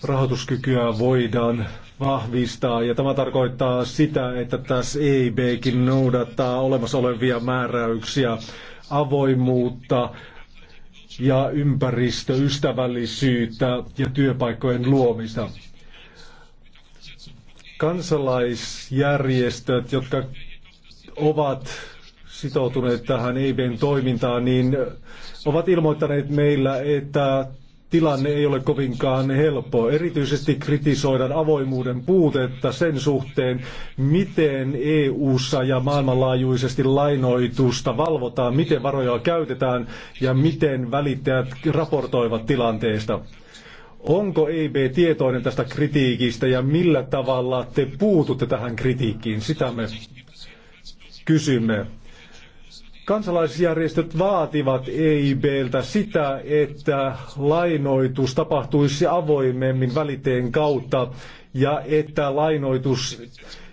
rahoituskykyä voidaan vahvistaa. Ja tämä tarkoittaa sitä, että tässä EIBkin noudattaa olemassa olevia määräyksiä, avoimuutta ja ympäristöystävällisyyttä ja työpaikkojen luomista. Kansalaisjärjestöt, jotka ovat sitoutuneet tähän EIBn toimintaan, niin ovat ilmoittaneet meillä, että tilanne ei ole kovinkaan helppo. Erityisesti kritisoidaan avoimuuden puutetta sen suhteen, miten EU-ssa ja maailmanlaajuisesti lainoitusta valvotaan, miten varoja käytetään ja miten välittäjät raportoivat tilanteesta. Onko EIB tietoinen tästä kritiikistä ja millä tavalla te puututte tähän kritiikkiin? Sitä me kysymme. Kansalaisjärjestöt vaativat EIBltä sitä, että lainoitus tapahtuisi avoimemmin väliteen kautta ja että lainoitus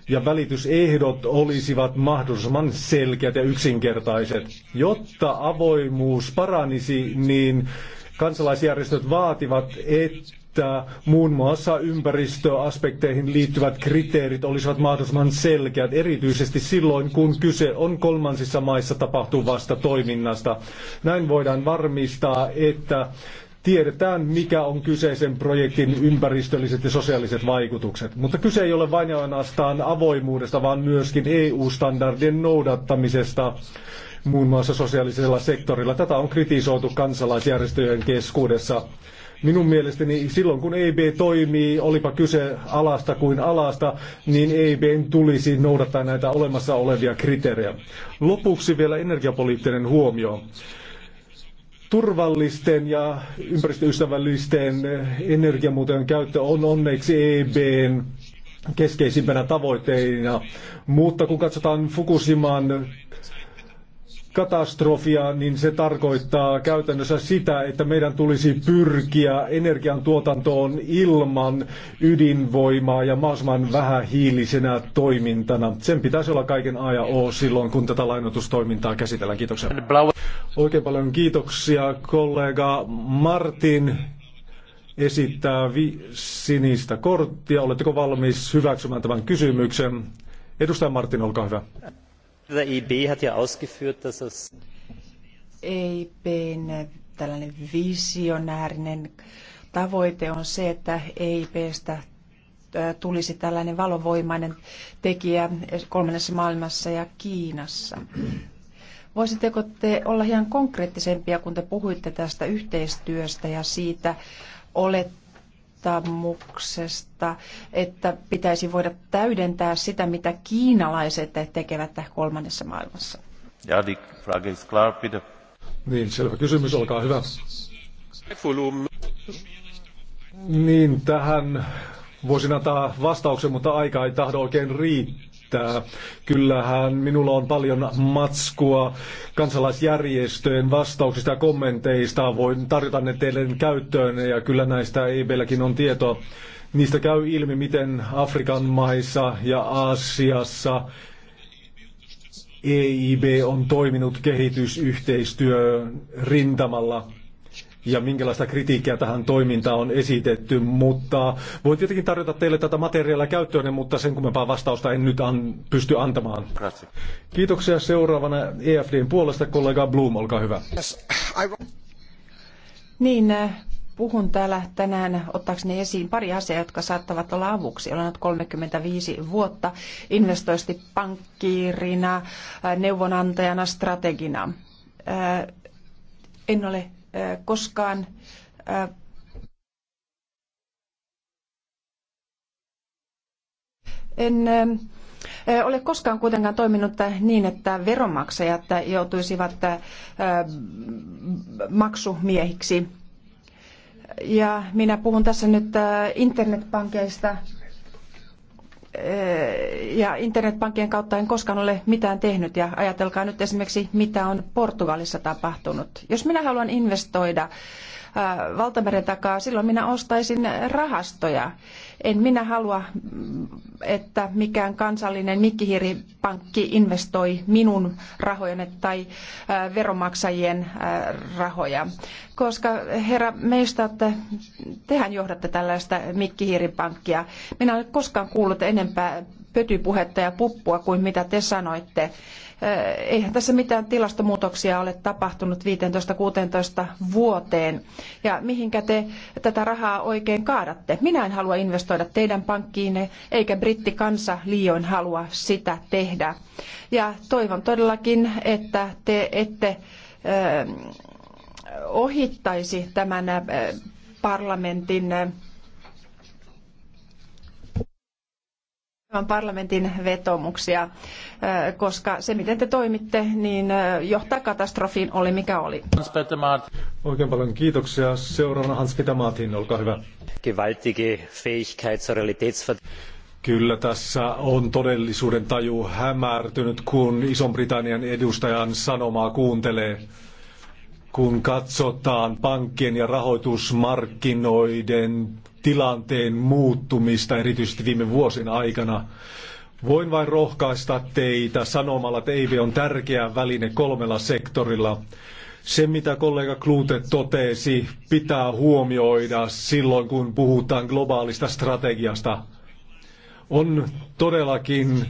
ja välitysehdot olisivat mahdollisimman selkeät ja yksinkertaiset. Jotta avoimuus paranisi, niin kansalaisjärjestöt vaativat, että että muun muassa ympäristöaspekteihin liittyvät kriteerit olisivat mahdollisimman selkeät, erityisesti silloin, kun kyse on kolmansissa maissa tapahtuvasta toiminnasta. Näin voidaan varmistaa, että tiedetään, mikä on kyseisen projektin ympäristölliset ja sosiaaliset vaikutukset. Mutta kyse ei ole vain ja ainoastaan avoimuudesta, vaan myöskin EU-standardien noudattamisesta muun muassa sosiaalisella sektorilla. Tätä on kritisoitu kansalaisjärjestöjen keskuudessa. Minun mielestäni silloin kun EIB toimii, olipa kyse alasta kuin alasta, niin EIBn tulisi noudattaa näitä olemassa olevia kriteerejä. Lopuksi vielä energiapoliittinen huomio turvallisten ja ympäristöystävällisten energiamuotojen käyttö on onneksi EIB:n keskeisimpänä tavoitteina. Mutta kun katsotaan Fukushiman katastrofia, niin se tarkoittaa käytännössä sitä, että meidän tulisi pyrkiä energiantuotantoon ilman ydinvoimaa ja mahdollisimman vähähiilisenä toimintana. Sen pitäisi olla kaiken A ja O silloin, kun tätä lainotustoimintaa käsitellään. Kiitoksia. Oikein paljon kiitoksia kollega Martin esittää vi- sinistä korttia. Oletteko valmis hyväksymään tämän kysymyksen? Edustaja Martin, olkaa hyvä. Der EIB hat ja ausgeführt, dass es EIBn tällainen visionäärinen tavoite on se, että EIBstä tulisi tällainen valovoimainen tekijä kolmannessa maailmassa ja Kiinassa. Voisitteko te olla hieman konkreettisempia, kun te puhuitte tästä yhteistyöstä ja siitä, olette luottamuksesta, että pitäisi voida täydentää sitä, mitä kiinalaiset tekevät kolmannessa maailmassa? Ja, Frage ist klar, bitte. Niin, selvä kysymys, olkaa hyvä. Niin, tähän voisin antaa vastauksen, mutta aika ei tahdo oikein riittää riittää. Kyllähän minulla on paljon matskua kansalaisjärjestöjen vastauksista ja kommenteista. Voin tarjota ne teille käyttöön ja kyllä näistä EIBlläkin on tietoa. Niistä käy ilmi, miten Afrikan maissa ja Aasiassa EIB on toiminut kehitysyhteistyön rintamalla ja minkälaista kritiikkiä tähän toimintaan on esitetty, mutta voin tietenkin tarjota teille tätä materiaalia käyttöön, mutta sen kummempaa vastausta en nyt an, pysty antamaan. Kiitoksia seuraavana EFDn puolesta kollega Bloom, olkaa hyvä. Niin, puhun täällä tänään ottaakseni esiin pari asiaa, jotka saattavat olla avuksi. Olen 35 vuotta investoisti pankkiirina, neuvonantajana, strategina. En ole koskaan en ole koskaan kuitenkaan toiminut niin, että veronmaksajat joutuisivat maksumiehiksi. Ja minä puhun tässä nyt internetpankeista, ja internetpankkien kautta en koskaan ole mitään tehnyt ja ajatelkaa nyt esimerkiksi mitä on Portugalissa tapahtunut. Jos minä haluan investoida valtameren takaa, silloin minä ostaisin rahastoja. En minä halua, mm, että mikään kansallinen mikkihiiripankki investoi minun rahojani tai veronmaksajien rahoja. Koska herra meistä, että tehän johdatte tällaista mikkihiiripankkia. Minä en ole koskaan kuullut enempää pötypuhetta ja puppua kuin mitä te sanoitte. Äh, eihän tässä mitään tilastomuutoksia ole tapahtunut 15-16 vuoteen. Ja mihinkä te tätä rahaa oikein kaadatte? Minä en halua investoida teidän pankkiinne, eikä brittikansa liioin halua sitä tehdä. Ja toivon todellakin, että te ette äh, ohittaisi tämän äh, parlamentin tämän parlamentin vetomuksia, koska se miten te toimitte, niin johtaa katastrofiin oli mikä oli. Hans Petemaat. Oikein paljon kiitoksia. Seuraavana Hans Petemaatin, olkaa hyvä. Gewaltige Fähigkeit zur Realitätsver... Kyllä tässä on todellisuuden taju hämärtynyt, kun Ison-Britannian edustajan sanomaa kuuntelee. Kun katsotaan pankkien ja rahoitusmarkkinoiden tilanteen muuttumista, erityisesti viime vuosina aikana. Voin vain rohkaista teitä sanomalla, että EIV on tärkeä väline kolmella sektorilla. Se, mitä kollega Klute totesi, pitää huomioida silloin, kun puhutaan globaalista strategiasta. On todellakin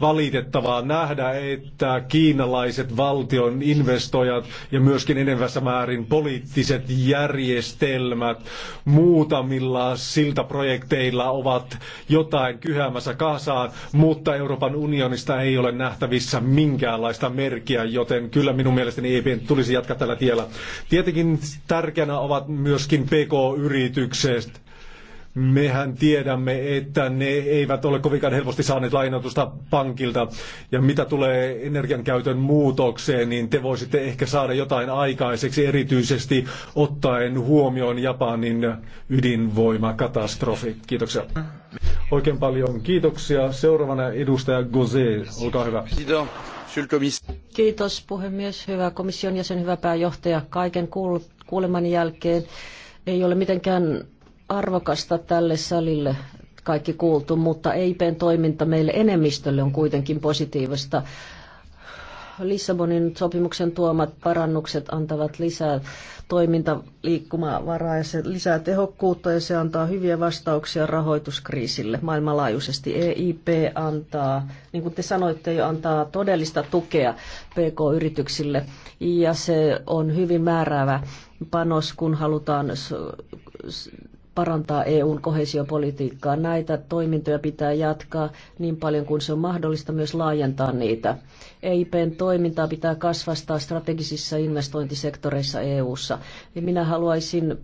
valitettavaa nähdä, että kiinalaiset valtion investoijat ja myöskin enenevässä määrin poliittiset järjestelmät muutamilla siltaprojekteilla ovat jotain kyhäämässä kasaan, mutta Euroopan unionista ei ole nähtävissä minkäänlaista merkkiä, joten kyllä minun mielestäni EPn tulisi jatkaa tällä tiellä. Tietenkin tärkeänä ovat myöskin PK-yritykset, Mehän tiedämme, että ne eivät ole kovinkaan helposti saaneet lainatusta pankilta. Ja mitä tulee energian käytön muutokseen, niin te voisitte ehkä saada jotain aikaiseksi, erityisesti ottaen huomioon Japanin ydinvoimakatastrofi. Kiitoksia. Oikein paljon kiitoksia. Seuraavana edustaja Gose, olkaa hyvä. Kiitos puhemies, hyvä komission jäsen, hyvä pääjohtaja. Kaiken kuulemani jälkeen ei ole mitenkään arvokasta tälle salille kaikki kuultu, mutta EIPn toiminta meille enemmistölle on kuitenkin positiivista. Lissabonin sopimuksen tuomat parannukset antavat lisää toimintaliikkumavaraa ja se lisää tehokkuutta ja se antaa hyviä vastauksia rahoituskriisille maailmanlaajuisesti. EIP antaa, niin kuin te sanoitte jo, antaa todellista tukea PK-yrityksille ja se on hyvin määräävä panos, kun halutaan parantaa EUn kohesiopolitiikkaa. Näitä toimintoja pitää jatkaa niin paljon kuin se on mahdollista myös laajentaa niitä. EIPn toimintaa pitää kasvastaa strategisissa investointisektoreissa EUssa. Ja minä haluaisin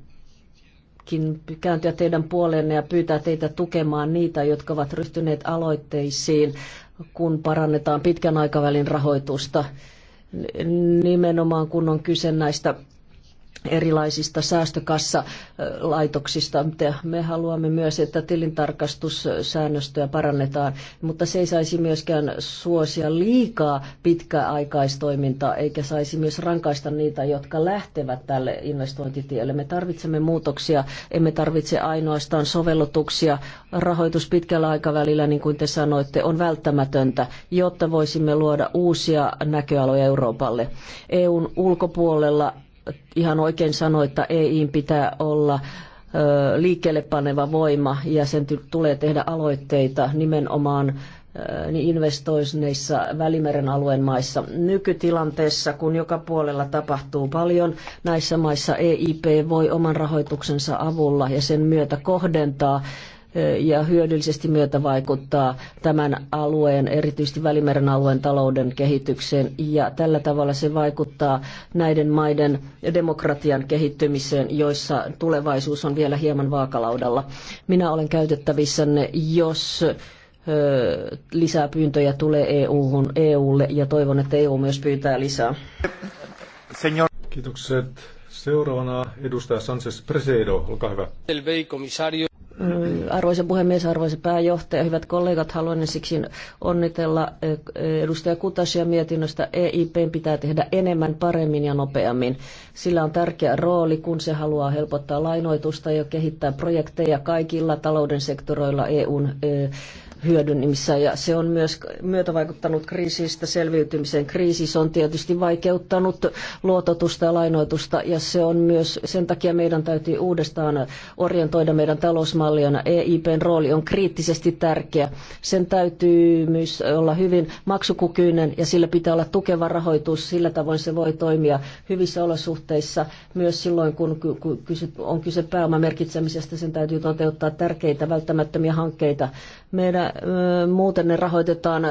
kääntyä teidän puoleenne ja pyytää teitä tukemaan niitä, jotka ovat ryhtyneet aloitteisiin, kun parannetaan pitkän aikavälin rahoitusta nimenomaan kun on kyse näistä erilaisista säästökassalaitoksista. Me haluamme myös, että tilintarkastussäännöstöä parannetaan, mutta se ei saisi myöskään suosia liikaa pitkäaikaistoimintaa, eikä saisi myös rankaista niitä, jotka lähtevät tälle investointitielle. Me tarvitsemme muutoksia, emme tarvitse ainoastaan sovellutuksia. Rahoitus pitkällä aikavälillä, niin kuin te sanoitte, on välttämätöntä, jotta voisimme luoda uusia näköaloja Euroopalle. EUn ulkopuolella ihan oikein sanoi, että EIin pitää olla liikkeelle paneva voima ja sen tulee tehdä aloitteita nimenomaan niin investoisneissa Välimeren alueen maissa. Nykytilanteessa, kun joka puolella tapahtuu paljon, näissä maissa EIP voi oman rahoituksensa avulla ja sen myötä kohdentaa ja hyödyllisesti myötä vaikuttaa tämän alueen, erityisesti Välimeren alueen talouden kehitykseen. Ja tällä tavalla se vaikuttaa näiden maiden demokratian kehittymiseen, joissa tulevaisuus on vielä hieman vaakalaudalla. Minä olen käytettävissänne, jos lisää pyyntöjä tulee EU-hun, EUlle ja toivon, että EU myös pyytää lisää. Senor. Kiitokset. Seuraavana edustaja Sanchez Presedo, olkaa hyvä. Arvoisa puhemies, arvoisa pääjohtaja, hyvät kollegat, haluan siksi onnitella edustaja Kutasia mietinnöstä. EIP pitää tehdä enemmän, paremmin ja nopeammin. Sillä on tärkeä rooli, kun se haluaa helpottaa lainoitusta ja kehittää projekteja kaikilla talouden sektoreilla EUn hyödynnimissä ja se on myös myötävaikuttanut kriisistä selviytymiseen. Kriisi on tietysti vaikeuttanut luototusta ja lainoitusta ja se on myös, sen takia meidän täytyy uudestaan orientoida meidän talousmalliona. EIPn rooli on kriittisesti tärkeä. Sen täytyy myös olla hyvin maksukykyinen ja sillä pitää olla tukeva rahoitus. Sillä tavoin se voi toimia hyvissä olosuhteissa myös silloin, kun on kyse pääomamerkitsemisestä. Sen täytyy toteuttaa tärkeitä välttämättömiä hankkeita. Meidän muuten ne rahoitetaan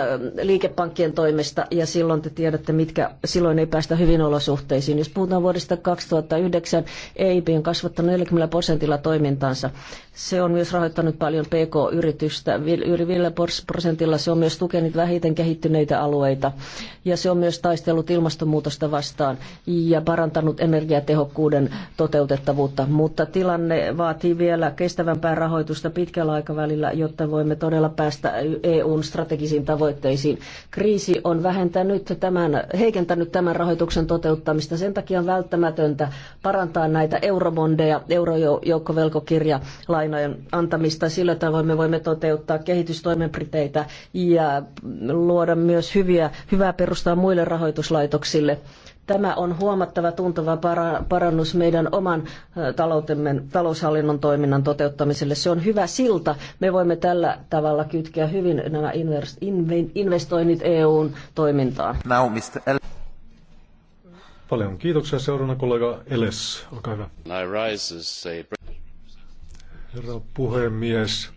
liikepankkien toimesta ja silloin te tiedätte, mitkä silloin ei päästä hyvin olosuhteisiin. Jos puhutaan vuodesta 2009, EIP on kasvattanut 40 prosentilla toimintansa. Se on myös rahoittanut paljon PK-yritystä. Yli 5 prosentilla se on myös tukenut vähiten kehittyneitä alueita. Ja se on myös taistellut ilmastonmuutosta vastaan ja parantanut energiatehokkuuden toteutettavuutta. Mutta tilanne vaatii vielä kestävämpää rahoitusta pitkällä aikavälillä, jotta voimme todella päästä päästä EUn strategisiin tavoitteisiin. Kriisi on vähentänyt tämän, heikentänyt tämän rahoituksen toteuttamista. Sen takia on välttämätöntä parantaa näitä eurobondeja, eurojoukkovelkokirjalainojen antamista. Sillä tavoin me voimme toteuttaa kehitystoimenpiteitä ja luoda myös hyviä, hyvää perustaa muille rahoituslaitoksille. Tämä on huomattava tuntuva parannus meidän oman taloutemme, taloushallinnon toiminnan toteuttamiselle. Se on hyvä silta. Me voimme tällä tavalla kytkeä hyvin nämä investoinnit EUn toimintaan. Now, Paljon kiitoksia seurana kollega Eles. Olkaa hyvä. Herra puhemies,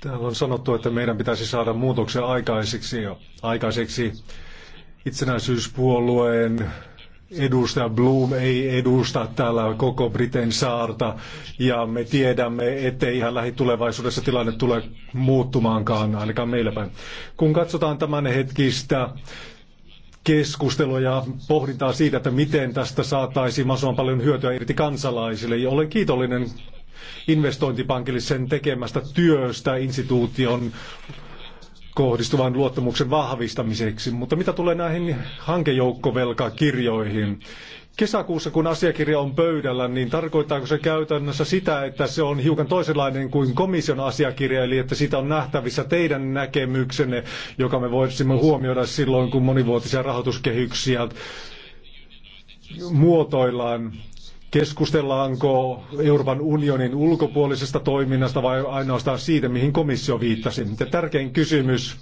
täällä on sanottu, että meidän pitäisi saada muutoksia aikaiseksi. aikaiseksi itsenäisyyspuolueen edustaja Bloom ei edusta täällä koko Briten saarta ja me tiedämme, ettei ihan lähitulevaisuudessa tilanne tule muuttumaankaan, ainakaan meillä päin. Kun katsotaan tämän hetkistä keskustelua ja pohdintaa siitä, että miten tästä saataisiin mahdollisimman paljon hyötyä irti kansalaisille. Ja olen kiitollinen investointipankille sen tekemästä työstä instituution kohdistuvan luottamuksen vahvistamiseksi. Mutta mitä tulee näihin hankejoukkovelkakirjoihin? Kesäkuussa, kun asiakirja on pöydällä, niin tarkoittaako se käytännössä sitä, että se on hiukan toisenlainen kuin komission asiakirja, eli että siitä on nähtävissä teidän näkemyksenne, joka me voisimme huomioida silloin, kun monivuotisia rahoituskehyksiä muotoillaan. Keskustellaanko Euroopan unionin ulkopuolisesta toiminnasta vai ainoastaan siitä, mihin komissio viittasi? Ja tärkein kysymys,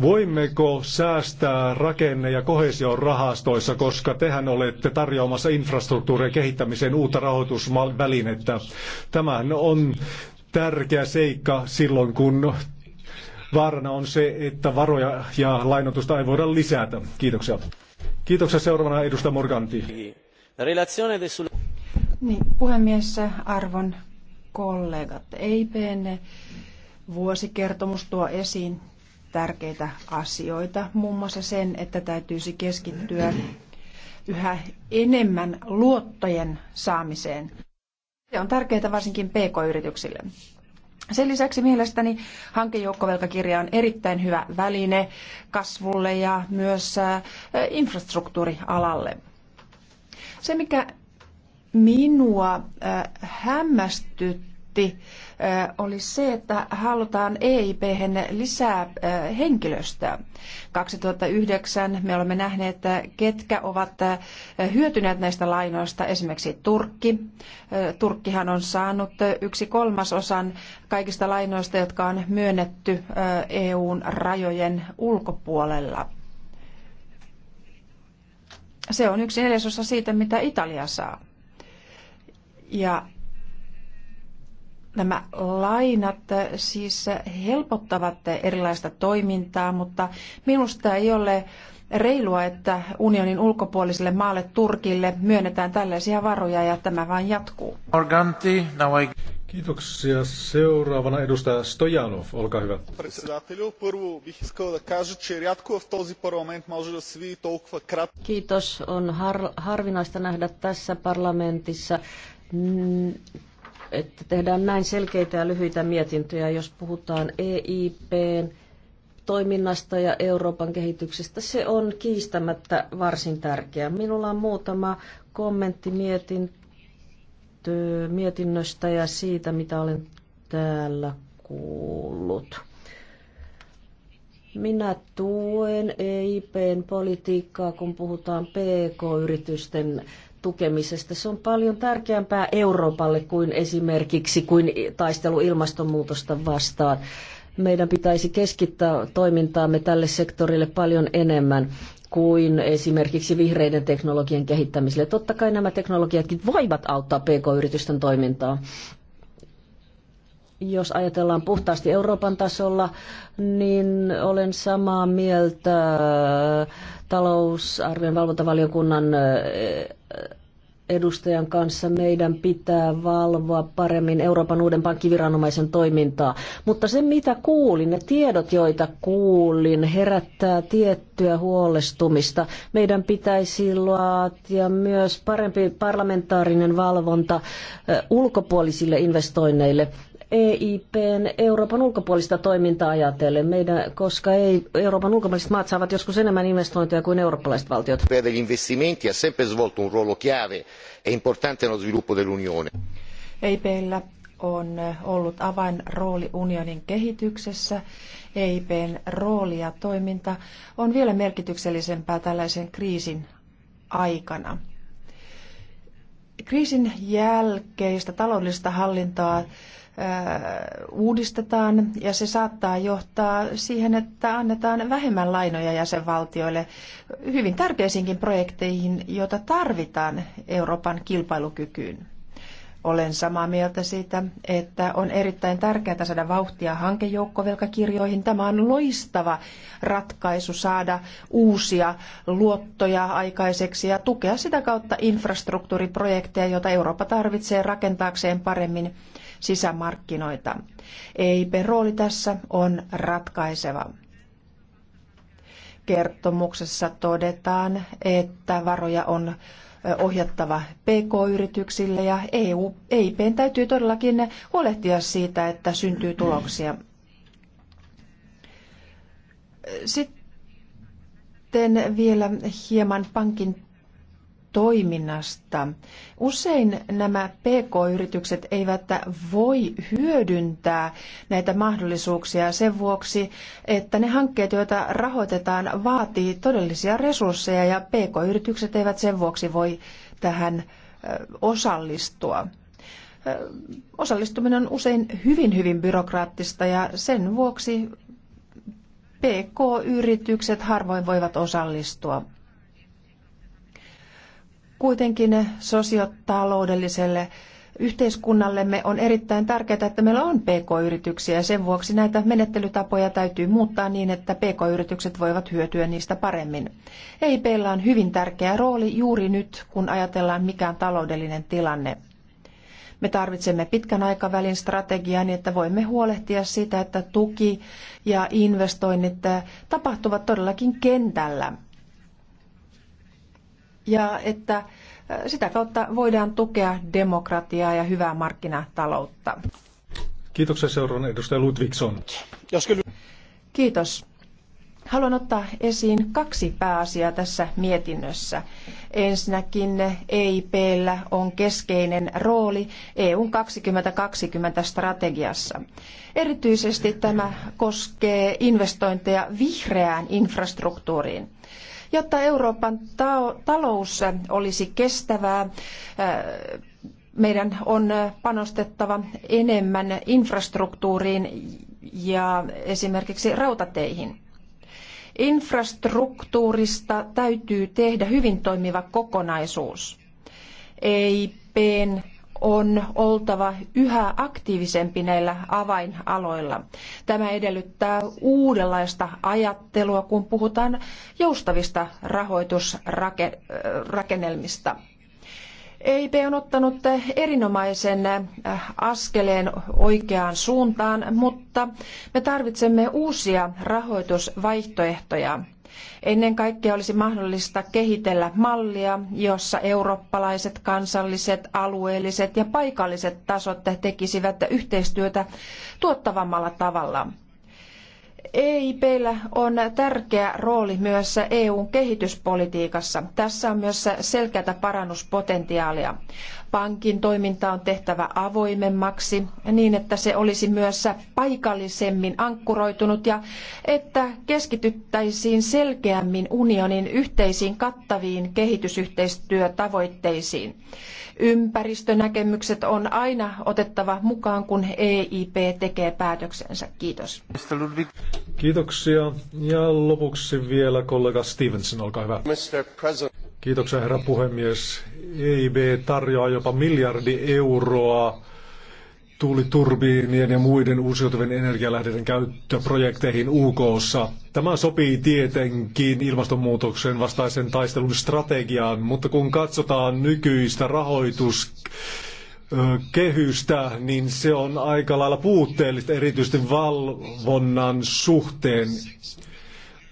voimmeko säästää rakenne- ja kohesion rahastoissa, koska tehän olette tarjoamassa infrastruktuurin kehittämiseen uutta rahoitusvälinettä. Tämähän on tärkeä seikka silloin, kun vaarana on se, että varoja ja lainotusta ei voida lisätä. Kiitoksia. Kiitoksia seuraavana edustaja Morganti. Niin, puhemies, arvon kollegat, EIPn vuosikertomus tuo esiin tärkeitä asioita, muun muassa sen, että täytyisi keskittyä yhä enemmän luottojen saamiseen. Se on tärkeää varsinkin pk-yrityksille. Sen lisäksi mielestäni hankejoukkovelkakirja on erittäin hyvä väline kasvulle ja myös infrastruktuurialalle. Se, mikä minua äh, hämmästytti äh, oli se, että halutaan eip lisää äh, henkilöstöä. 2009 me olemme nähneet, ketkä ovat hyötyneet näistä lainoista, esimerkiksi Turkki. Turkkihan on saanut yksi kolmasosan kaikista lainoista, jotka on myönnetty EUn rajojen ulkopuolella. Se on yksi neljäsosa siitä, mitä Italia saa. Ja nämä lainat siis helpottavat erilaista toimintaa, mutta minusta ei ole reilua, että unionin ulkopuoliselle maalle Turkille myönnetään tällaisia varoja ja tämä vain jatkuu. Morganti, now I... Kiitoksia. Seuraavana edustaja Stojanov, olkaa hyvä. Kiitos. On har, harvinaista nähdä tässä parlamentissa Mm, että tehdään näin selkeitä ja lyhyitä mietintöjä, jos puhutaan EIPn toiminnasta ja Euroopan kehityksestä. Se on kiistämättä varsin tärkeää. Minulla on muutama kommentti mietintö, mietinnöstä ja siitä, mitä olen täällä kuullut. Minä tuen EIPn politiikkaa, kun puhutaan PK-yritysten tukemisesta. Se on paljon tärkeämpää Euroopalle kuin esimerkiksi kuin taistelu ilmastonmuutosta vastaan. Meidän pitäisi keskittää toimintaamme tälle sektorille paljon enemmän kuin esimerkiksi vihreiden teknologian kehittämiselle. Totta kai nämä teknologiatkin voivat auttaa pk-yritysten toimintaa. Jos ajatellaan puhtaasti Euroopan tasolla, niin olen samaa mieltä talousarvion valvontavaliokunnan edustajan kanssa meidän pitää valvoa paremmin Euroopan uuden pankkiviranomaisen toimintaa. Mutta se, mitä kuulin, ne tiedot, joita kuulin, herättää tiettyä huolestumista. Meidän pitäisi laatia myös parempi parlamentaarinen valvonta ulkopuolisille investoinneille. EIPn Euroopan ulkopuolista toimintaa ajatellen, meidän, koska ei, Euroopan ulkopuoliset maat saavat joskus enemmän investointeja kuin eurooppalaiset valtiot. degli investimenti ha sempre svolto un ruolo chiave e importante nello sviluppo dell'Unione. EIPllä on ollut avainrooli unionin kehityksessä. EIPn rooli ja toiminta on vielä merkityksellisempää tällaisen kriisin aikana. Kriisin jälkeistä taloudellista hallintaa uudistetaan ja se saattaa johtaa siihen, että annetaan vähemmän lainoja jäsenvaltioille hyvin tärkeisiinkin projekteihin, joita tarvitaan Euroopan kilpailukykyyn. Olen samaa mieltä siitä, että on erittäin tärkeää saada vauhtia hankejoukkovelkakirjoihin. Tämä on loistava ratkaisu saada uusia luottoja aikaiseksi ja tukea sitä kautta infrastruktuuriprojekteja, joita Eurooppa tarvitsee rakentaakseen paremmin sisämarkkinoita. EIPn rooli tässä on ratkaiseva. Kertomuksessa todetaan, että varoja on ohjattava PK-yrityksille ja EU, EIPn täytyy todellakin huolehtia siitä, että syntyy tuloksia. Sitten vielä hieman pankin toiminnasta. Usein nämä PK-yritykset eivät voi hyödyntää näitä mahdollisuuksia sen vuoksi, että ne hankkeet, joita rahoitetaan, vaatii todellisia resursseja ja PK-yritykset eivät sen vuoksi voi tähän osallistua. Osallistuminen on usein hyvin, hyvin byrokraattista ja sen vuoksi PK-yritykset harvoin voivat osallistua Kuitenkin sosiotaloudelliselle yhteiskunnallemme on erittäin tärkeää, että meillä on pk-yrityksiä ja sen vuoksi näitä menettelytapoja täytyy muuttaa niin, että pk-yritykset voivat hyötyä niistä paremmin. EIPllä on hyvin tärkeä rooli juuri nyt, kun ajatellaan mikä on taloudellinen tilanne. Me tarvitsemme pitkän aikavälin strategiaa niin, että voimme huolehtia siitä, että tuki ja investoinnit tapahtuvat todellakin kentällä ja että äh, sitä kautta voidaan tukea demokratiaa ja hyvää markkinataloutta. Kiitoksia seuraan edustaja Ludvigson. Kiitos. Haluan ottaa esiin kaksi pääasiaa tässä mietinnössä. Ensinnäkin EIPllä on keskeinen rooli EUn 2020 strategiassa. Erityisesti tämä koskee investointeja vihreään infrastruktuuriin. Jotta Euroopan talous olisi kestävää, äh, meidän on panostettava enemmän infrastruktuuriin ja esimerkiksi rautateihin. Infrastruktuurista täytyy tehdä hyvin toimiva kokonaisuus. EIPn on oltava yhä aktiivisempi näillä avainaloilla. Tämä edellyttää uudenlaista ajattelua, kun puhutaan joustavista rahoitusrakennelmista. EIP on ottanut erinomaisen askeleen oikeaan suuntaan, mutta me tarvitsemme uusia rahoitusvaihtoehtoja. Ennen kaikkea olisi mahdollista kehitellä mallia, jossa eurooppalaiset, kansalliset, alueelliset ja paikalliset tasot tekisivät yhteistyötä tuottavammalla tavalla. EIPllä on tärkeä rooli myös EUn kehityspolitiikassa. Tässä on myös selkeätä parannuspotentiaalia pankin toiminta on tehtävä avoimemmaksi niin, että se olisi myös paikallisemmin ankkuroitunut ja että keskityttäisiin selkeämmin unionin yhteisiin kattaviin kehitysyhteistyötavoitteisiin. Ympäristönäkemykset on aina otettava mukaan, kun EIP tekee päätöksensä. Kiitos. Kiitoksia. Ja lopuksi vielä kollega Stevenson, olkaa hyvä. Kiitoksia herra puhemies. EIB tarjoaa jopa miljardi euroa tuuliturbiinien ja muiden uusiutuvien energialähteiden käyttöprojekteihin UKssa. Tämä sopii tietenkin ilmastonmuutoksen vastaisen taistelun strategiaan, mutta kun katsotaan nykyistä rahoituskehystä, niin se on aika lailla puutteellista erityisesti valvonnan suhteen.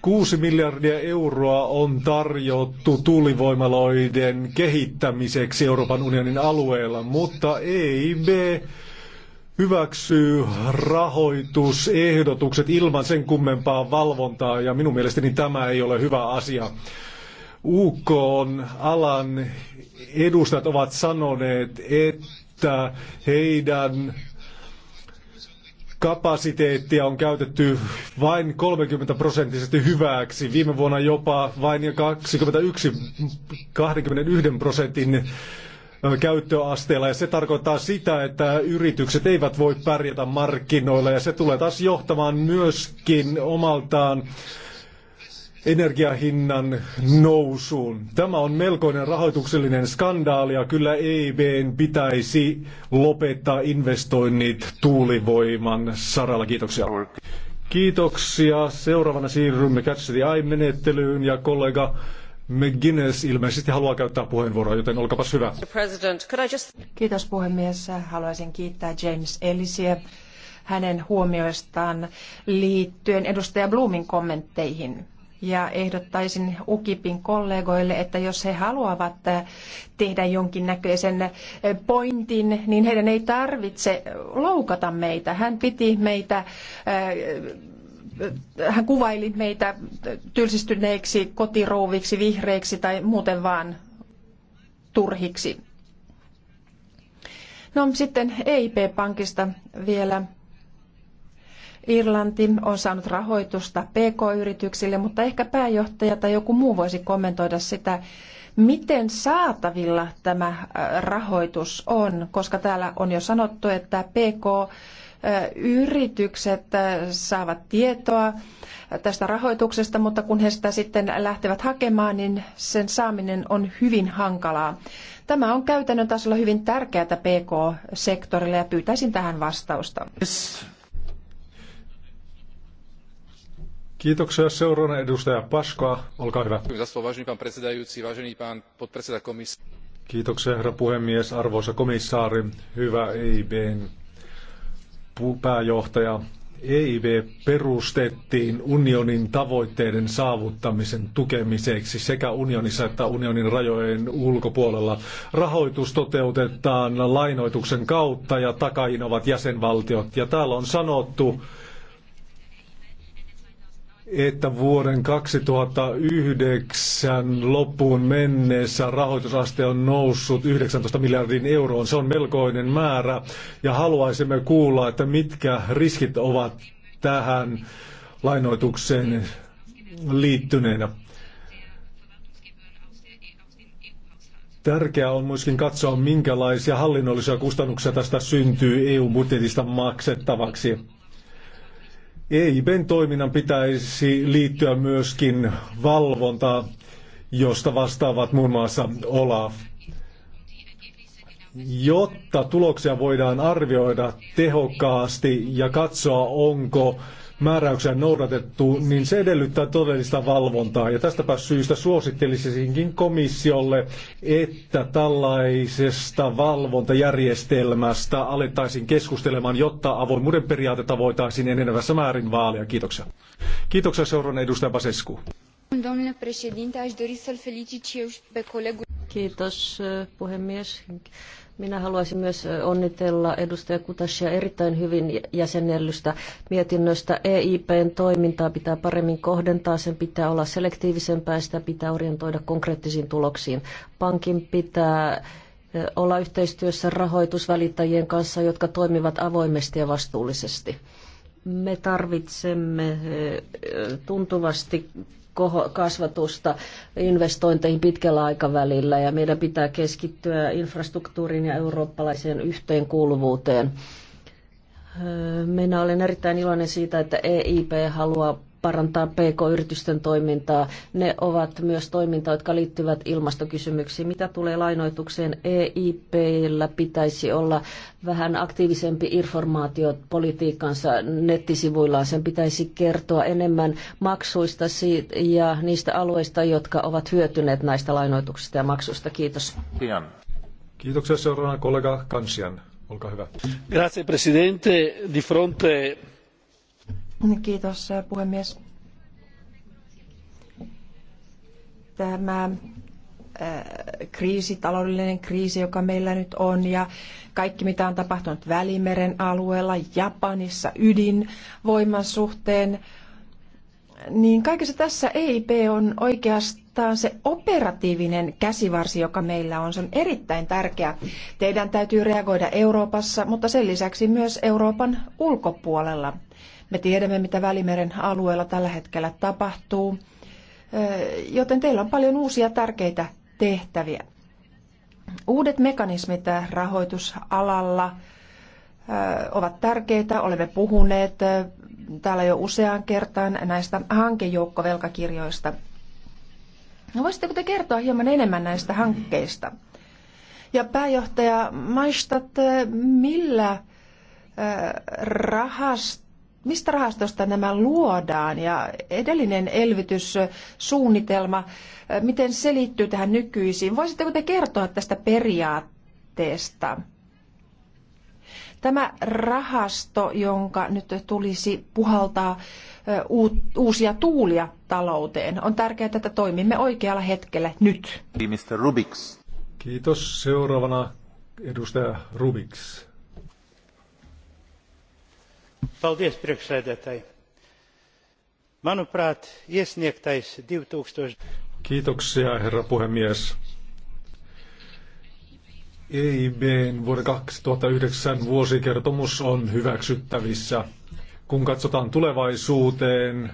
6 miljardia euroa on tarjottu tuulivoimaloiden kehittämiseksi Euroopan unionin alueella, mutta EIB hyväksyy rahoitusehdotukset ilman sen kummempaa valvontaa ja minun mielestäni tämä ei ole hyvä asia. UK on alan edustajat ovat sanoneet, että heidän kapasiteettia on käytetty vain 30 prosenttisesti hyväksi. Viime vuonna jopa vain 21, 21 prosentin käyttöasteella ja se tarkoittaa sitä, että yritykset eivät voi pärjätä markkinoilla ja se tulee taas johtamaan myöskin omaltaan energiahinnan nousuun. Tämä on melkoinen rahoituksellinen skandaali ja kyllä EIBn pitäisi lopettaa investoinnit tuulivoiman saralla. Kiitoksia. Kiitoksia. Seuraavana siirrymme Catch the Eye-menettelyyn ja kollega McGuinness ilmeisesti haluaa käyttää puheenvuoroa, joten olkapas hyvä. Kiitos puhemies. Haluaisin kiittää James Ellisiä hänen huomioistaan liittyen edustaja Bloomin kommentteihin ja ehdottaisin UKIPin kollegoille, että jos he haluavat äh, tehdä jonkinnäköisen äh, pointin, niin heidän ei tarvitse loukata meitä. Hän piti meitä äh, hän kuvaili meitä tylsistyneiksi, kotirouviksi, vihreiksi tai muuten vaan turhiksi. No sitten EIP-pankista vielä. Irlanti on saanut rahoitusta PK-yrityksille, mutta ehkä pääjohtaja tai joku muu voisi kommentoida sitä, miten saatavilla tämä äh, rahoitus on, koska täällä on jo sanottu, että PK äh, yritykset äh, saavat tietoa tästä rahoituksesta, mutta kun he sitä sitten lähtevät hakemaan, niin sen saaminen on hyvin hankalaa. Tämä on käytännön tasolla hyvin tärkeää PK-sektorille ja pyytäisin tähän vastausta. Kiitoksia. Seuraavana edustaja Paskoa. Olkaa hyvä. Kiitoksia, herra puhemies, arvoisa komissaari, hyvä EIBn pääjohtaja. EIB perustettiin unionin tavoitteiden saavuttamisen tukemiseksi sekä unionissa että unionin rajojen ulkopuolella. Rahoitus toteutetaan lainoituksen kautta ja takain ovat jäsenvaltiot. Ja täällä on sanottu, että vuoden 2009 loppuun mennessä rahoitusaste on noussut 19 miljardin euroon. Se on melkoinen määrä ja haluaisimme kuulla, että mitkä riskit ovat tähän lainoitukseen liittyneenä. Tärkeää on myöskin katsoa, minkälaisia hallinnollisia kustannuksia tästä syntyy EU-budjetista maksettavaksi. EIBn toiminnan pitäisi liittyä myöskin valvonta, josta vastaavat muun muassa Olaf. Jotta tuloksia voidaan arvioida tehokkaasti ja katsoa, onko määräyksiä noudatettu, niin se edellyttää todellista valvontaa. Ja tästäpä syystä suosittelisinkin komissiolle, että tällaisesta valvontajärjestelmästä alettaisiin keskustelemaan, jotta avoimuuden periaatetta voitaisiin enenevässä määrin vaalia. Kiitoksia. Kiitoksia seuraavan edustaja Basescu. Kiitos puhemies. Minä haluaisin myös onnitella edustaja Kutasia erittäin hyvin jäsennellystä mietinnöstä. EIPn toimintaa pitää paremmin kohdentaa, sen pitää olla selektiivisempää ja sitä pitää orientoida konkreettisiin tuloksiin. Pankin pitää olla yhteistyössä rahoitusvälittäjien kanssa, jotka toimivat avoimesti ja vastuullisesti. Me tarvitsemme tuntuvasti kasvatusta investointeihin pitkällä aikavälillä ja meidän pitää keskittyä infrastruktuurin ja eurooppalaiseen yhteenkuuluvuuteen. Öö, minä olen erittäin iloinen siitä, että EIP haluaa parantaa PK-yritysten toimintaa. Ne ovat myös toimintaa, jotka liittyvät ilmastokysymyksiin. Mitä tulee lainoitukseen, EIPllä pitäisi olla vähän aktiivisempi informaatio politiikkansa nettisivuillaan. Sen pitäisi kertoa enemmän maksuista siitä ja niistä alueista, jotka ovat hyötyneet näistä lainoituksista ja maksuista. Kiitos. Pian. Kiitoksia seuraavana kollega Kansian. Olkaa hyvä. Grazie Presidente. Di fronte Kiitos puhemies. Tämä äh, kriisi, taloudellinen kriisi, joka meillä nyt on ja kaikki mitä on tapahtunut Välimeren alueella, Japanissa ydinvoiman suhteen, niin kaikessa tässä EIP on oikeastaan se operatiivinen käsivarsi, joka meillä on. Se on erittäin tärkeä. Teidän täytyy reagoida Euroopassa, mutta sen lisäksi myös Euroopan ulkopuolella – me tiedämme, mitä Välimeren alueella tällä hetkellä tapahtuu, joten teillä on paljon uusia tärkeitä tehtäviä. Uudet mekanismit rahoitusalalla ovat tärkeitä. Olemme puhuneet täällä jo useaan kertaan näistä hankejoukkovelkakirjoista. Voisitteko te kertoa hieman enemmän näistä hankkeista? Ja pääjohtaja Maistat, millä rahasta mistä rahastosta nämä luodaan ja edellinen elvytyssuunnitelma, eh, miten se liittyy tähän nykyisiin? Voisitteko te kertoa tästä periaatteesta? Tämä rahasto, jonka nyt tulisi puhaltaa eh, uusia tuulia talouteen, on tärkeää, että toimimme oikealla hetkellä nyt. Mr. Rubiks. Kiitos. Seuraavana edustaja Rubiks. Kiitoksia, herra puhemies. EIBn vuoden 2009 vuosikertomus on hyväksyttävissä. Kun katsotaan tulevaisuuteen,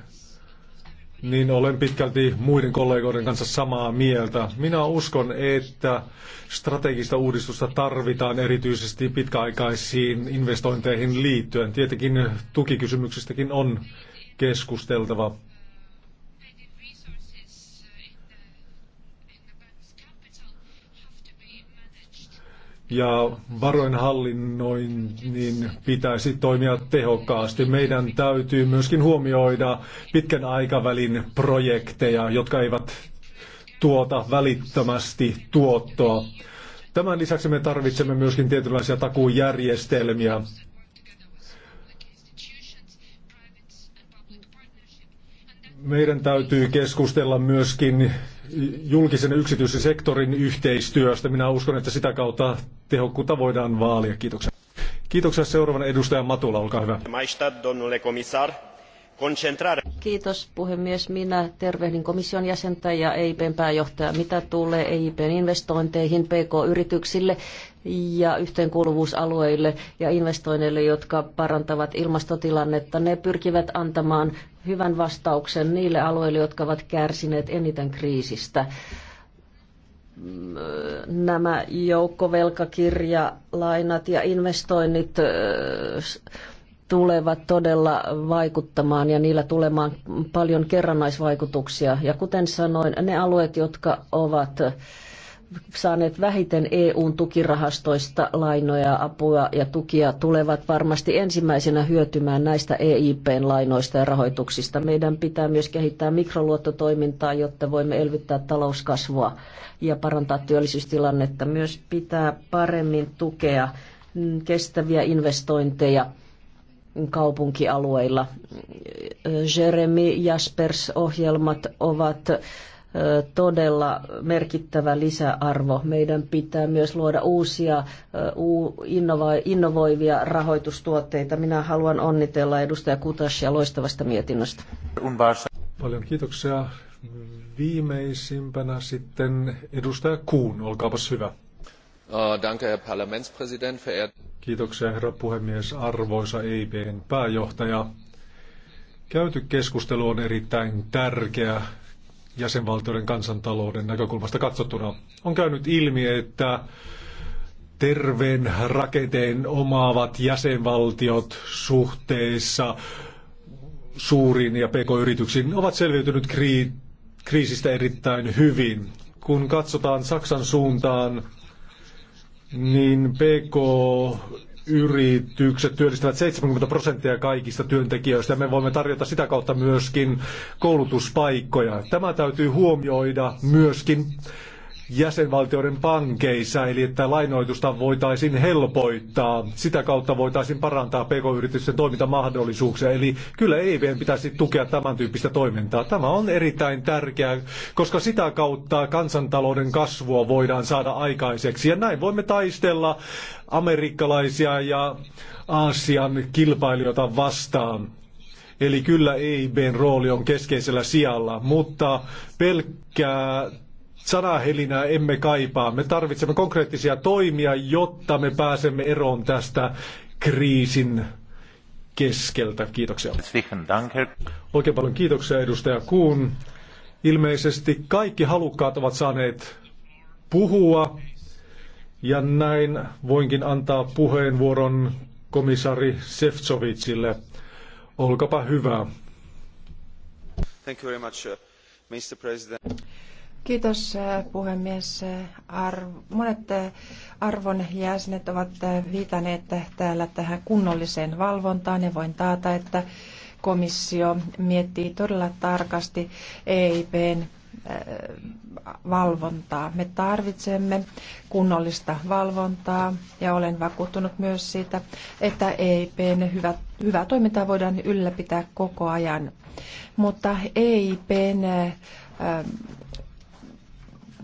niin olen pitkälti muiden kollegoiden kanssa samaa mieltä. Minä uskon, että strategista uudistusta tarvitaan erityisesti pitkäaikaisiin investointeihin liittyen. Tietenkin tukikysymyksistäkin on keskusteltava. ja varoinhallinnoinnin pitäisi toimia tehokkaasti. Meidän täytyy myöskin huomioida pitkän aikavälin projekteja, jotka eivät tuota välittömästi tuottoa. Tämän lisäksi me tarvitsemme myöskin tietynlaisia takuujärjestelmiä. Meidän täytyy keskustella myöskin julkisen ja yksityisen sektorin yhteistyöstä. Minä uskon, että sitä kautta tehokkuutta voidaan vaalia. Kiitoksia. Kiitoksia seuraavan edustajan Matula, olkaa hyvä. domnule Kiitos puhemies. Minä tervehdin komission jäsentä ja EIPn pääjohtajaa. Mitä tulee EIPn investointeihin PK-yrityksille ja yhteenkuuluvuusalueille ja investoinneille, jotka parantavat ilmastotilannetta, ne pyrkivät antamaan hyvän vastauksen niille alueille, jotka ovat kärsineet eniten kriisistä nämä joukkovelkakirjalainat ja investoinnit tulevat todella vaikuttamaan ja niillä tulemaan paljon kerrannaisvaikutuksia. Ja kuten sanoin, ne alueet, jotka ovat saaneet vähiten eu tukirahastoista lainoja, apua ja tukia tulevat varmasti ensimmäisenä hyötymään näistä EIPn lainoista ja rahoituksista. Meidän pitää myös kehittää mikroluottotoimintaa, jotta voimme elvyttää talouskasvua ja parantaa työllisyystilannetta. Myös pitää paremmin tukea kestäviä investointeja – kaupunkialueilla. Jeremy Jaspers-ohjelmat ovat todella merkittävä lisäarvo. Meidän pitää myös luoda uusia innovoivia rahoitustuotteita. Minä haluan onnitella edustaja Kutasia loistavasta mietinnöstä. Paljon kiitoksia. Viimeisimpänä sitten edustaja Kuun, olkaapas hyvä. Äh, herr parlamentspräsident verehrte Kiitoksia herra puhemies, arvoisa EIPn pääjohtaja. Käyty keskustelu on erittäin tärkeä jäsenvaltioiden kansantalouden näkökulmasta katsottuna. On käynyt ilmi, että terveen rakenteen omaavat jäsenvaltiot suhteessa suuriin ja pk-yrityksiin ovat selviytyneet kriisistä erittäin hyvin. Kun katsotaan Saksan suuntaan, niin PK yritykset työllistävät 70 prosenttia kaikista työntekijöistä ja me voimme tarjota sitä kautta myöskin koulutuspaikkoja. Tämä täytyy huomioida myöskin jäsenvaltioiden pankeissa, eli että lainoitusta voitaisiin helpoittaa. Sitä kautta voitaisiin parantaa pk-yritysten toimintamahdollisuuksia. Eli kyllä EIVn pitäisi tukea tämän tyyppistä toimintaa. Tämä on erittäin tärkeää, koska sitä kautta kansantalouden kasvua voidaan saada aikaiseksi. Ja näin voimme taistella amerikkalaisia ja Aasian kilpailijoita vastaan. Eli kyllä EIBn rooli on keskeisellä sijalla, mutta pelkkää sanahelinää emme kaipaa. Me tarvitsemme konkreettisia toimia, jotta me pääsemme eroon tästä kriisin keskeltä. Kiitoksia. Oikein paljon kiitoksia edustaja Kuun. Ilmeisesti kaikki halukkaat ovat saaneet puhua ja näin voinkin antaa puheenvuoron komissaari Sefcovicille. Olkapa hyvä. Thank you very much, uh, Mr. President. Kiitos äh, puhemies. Arvo, monet äh, arvon jäsenet ovat äh, viitaneet täällä tähän kunnolliseen valvontaan ja voin taata, että komissio miettii todella tarkasti EIPn valvontaa. Me tarvitsemme kunnollista valvontaa ja olen vakuuttunut myös siitä, että EIPn hyvä, hyvää toimintaa voidaan ylläpitää koko ajan. Mutta EIPn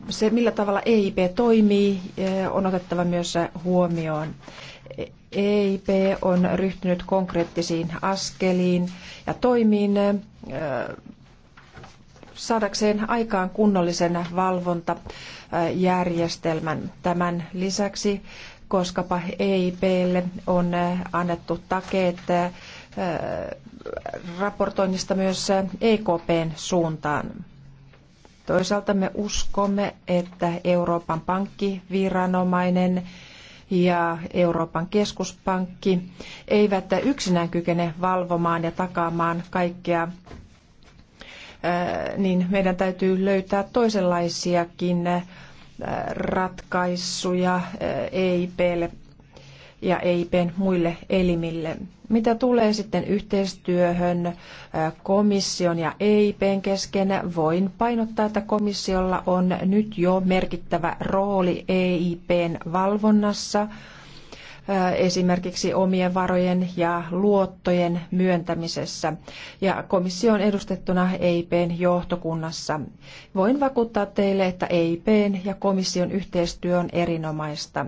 se, millä tavalla EIP toimii, eh, on otettava myös huomioon. EIP on ryhtynyt konkreettisiin askeliin ja toimiin eh, saadakseen aikaan kunnollisen valvontajärjestelmän. Tämän lisäksi, koska EIPlle on eh, annettu takeet raportoinnista myös EKPn e suuntaan. Toisaalta me uskomme, että Euroopan pankkiviranomainen ja Euroopan keskuspankki eivät yksinään kykene valvomaan ja takaamaan kaikkea, äh, niin meidän täytyy löytää toisenlaisiakin äh, ratkaisuja äh, EIPlle ja EIPn muille elimille. Mitä tulee sitten yhteistyöhön komission ja EIPn kesken, voin painottaa, että komissiolla on nyt jo merkittävä rooli EIPn valvonnassa – esimerkiksi omien varojen ja luottojen myöntämisessä. Ja komissio on edustettuna EIPn johtokunnassa. Voin vakuuttaa teille, että EIPn ja komission yhteistyö on erinomaista.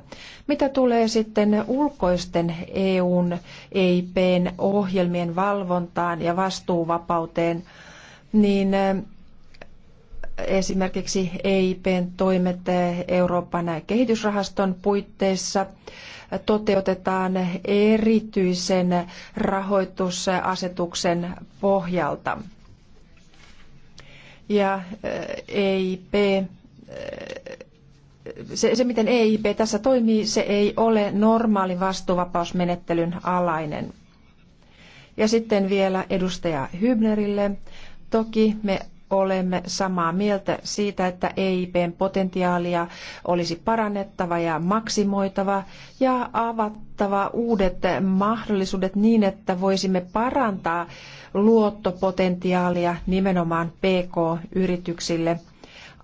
Mitä tulee sitten ulkoisten EUn EIPn ohjelmien valvontaan ja vastuuvapauteen, niin esimerkiksi EIPn toimet Euroopan kehitysrahaston puitteissa toteutetaan erityisen rahoitusasetuksen pohjalta. Ja EIP eh, e eh, se, se, miten EIP tässä toimii, se ei ole normaali vastuuvapausmenettelyn alainen. Ja sitten vielä edustaja Hybnerille. Toki me olemme samaa mieltä siitä, että EIPn potentiaalia olisi parannettava ja maksimoitava ja avattava uudet mahdollisuudet niin, että voisimme parantaa luottopotentiaalia nimenomaan PK-yrityksille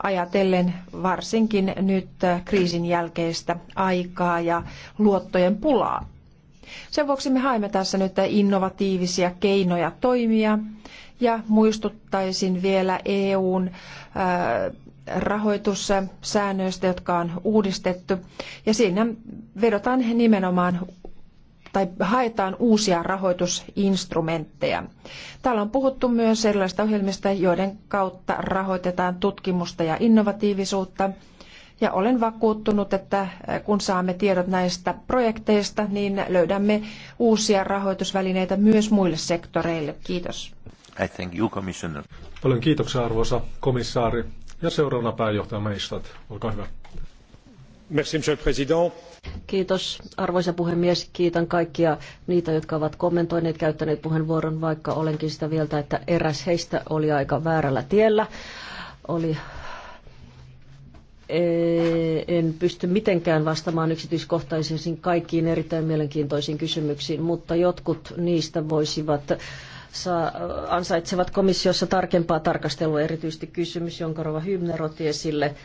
ajatellen varsinkin nyt kriisin jälkeistä aikaa ja luottojen pulaa. Sen vuoksi me haemme tässä nyt innovatiivisia keinoja toimia ja muistuttaisin vielä EUn äh, rahoitussäännöistä, jotka on uudistettu. Ja siinä vedotaan nimenomaan tai haetaan uusia rahoitusinstrumentteja. Täällä on puhuttu myös erilaisista ohjelmista, joiden kautta rahoitetaan tutkimusta ja innovatiivisuutta. Ja olen vakuuttunut, että äh, kun saamme tiedot näistä projekteista, niin löydämme uusia rahoitusvälineitä myös muille sektoreille. Kiitos. I thank you, Commissioner. Paljon kiitoksia, arvoisa komissaari. Ja seuraavana pääjohtaja Meistat. Olkaa hyvä. Merci, Monsieur le Président. Kiitos arvoisa puhemies. Kiitän kaikkia niitä, jotka ovat kommentoineet, käyttäneet puheenvuoron, vaikka olenkin sitä mieltä, että eräs heistä oli aika väärällä tiellä. Oli e, en pysty mitenkään vastaamaan yksityiskohtaisesti kaikkiin erittäin mielenkiintoisiin kysymyksiin, mutta jotkut niistä voisivat saa, ansaitsevat komissiossa tarkempaa tarkastelua, erityisesti kysymys, jonka Rova Hymner otti esille.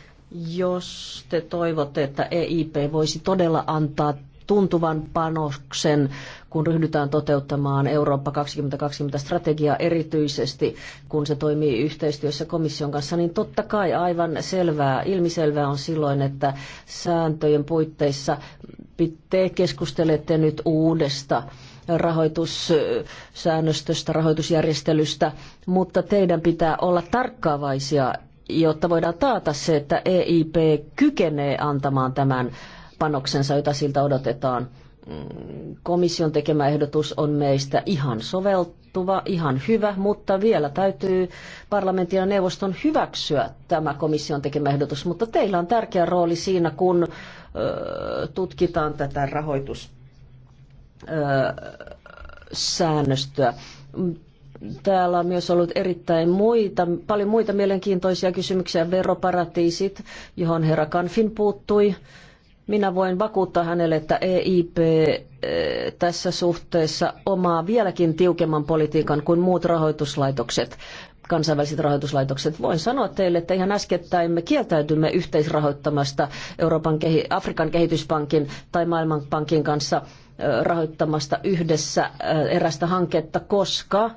Jos te toivotte, että EIP voisi todella antaa tuntuvan panoksen, kun ryhdytään toteuttamaan Eurooppa 2020 strategiaa erityisesti, kun se toimii yhteistyössä komission kanssa, niin totta kai aivan selvää, ilmiselvää on silloin, että sääntöjen puitteissa te keskustelette nyt uudesta rahoitussäännöstöstä, rahoitusjärjestelystä, mutta teidän pitää olla tarkkaavaisia, jotta voidaan taata se, että EIP kykenee antamaan tämän panoksensa, jota siltä odotetaan. Komission tekemä ehdotus on meistä ihan soveltuva, ihan hyvä, mutta vielä täytyy parlamentin ja neuvoston hyväksyä tämä komission tekemä ehdotus. Mutta teillä on tärkeä rooli siinä, kun tutkitaan tätä rahoitus säännöstöä. Täällä on myös ollut erittäin muita, paljon muita mielenkiintoisia kysymyksiä. Veroparatiisit, johon herra Kanfin puuttui. Minä voin vakuuttaa hänelle, että EIP tässä suhteessa omaa vieläkin tiukemman politiikan kuin muut rahoituslaitokset kansainväliset rahoituslaitokset. Voin sanoa teille, että ihan äskettäin me kieltäytymme yhteisrahoittamasta Euroopan Afrikan kehityspankin tai Maailmanpankin kanssa – rahoittamasta yhdessä erästä hanketta, koska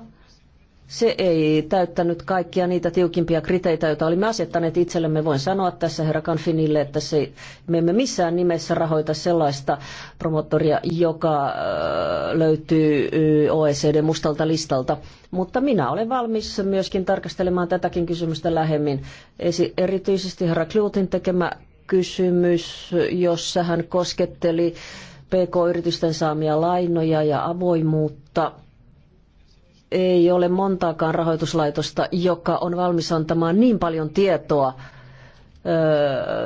se ei täyttänyt kaikkia niitä tiukimpia kriteitä, joita olimme asettaneet itsellemme. Voin sanoa tässä herra Kanfinille, että se, me emme missään nimessä rahoita sellaista promottoria, joka löytyy OECD mustalta listalta. Mutta minä olen valmis myöskin tarkastelemaan tätäkin kysymystä lähemmin. Esi- erityisesti herra Kluutin tekemä kysymys, jossa hän kosketteli äh, PK-yritysten saamia lainoja ja avoimuutta. Ei ole montaakaan rahoituslaitosta, joka on valmis antamaan niin paljon tietoa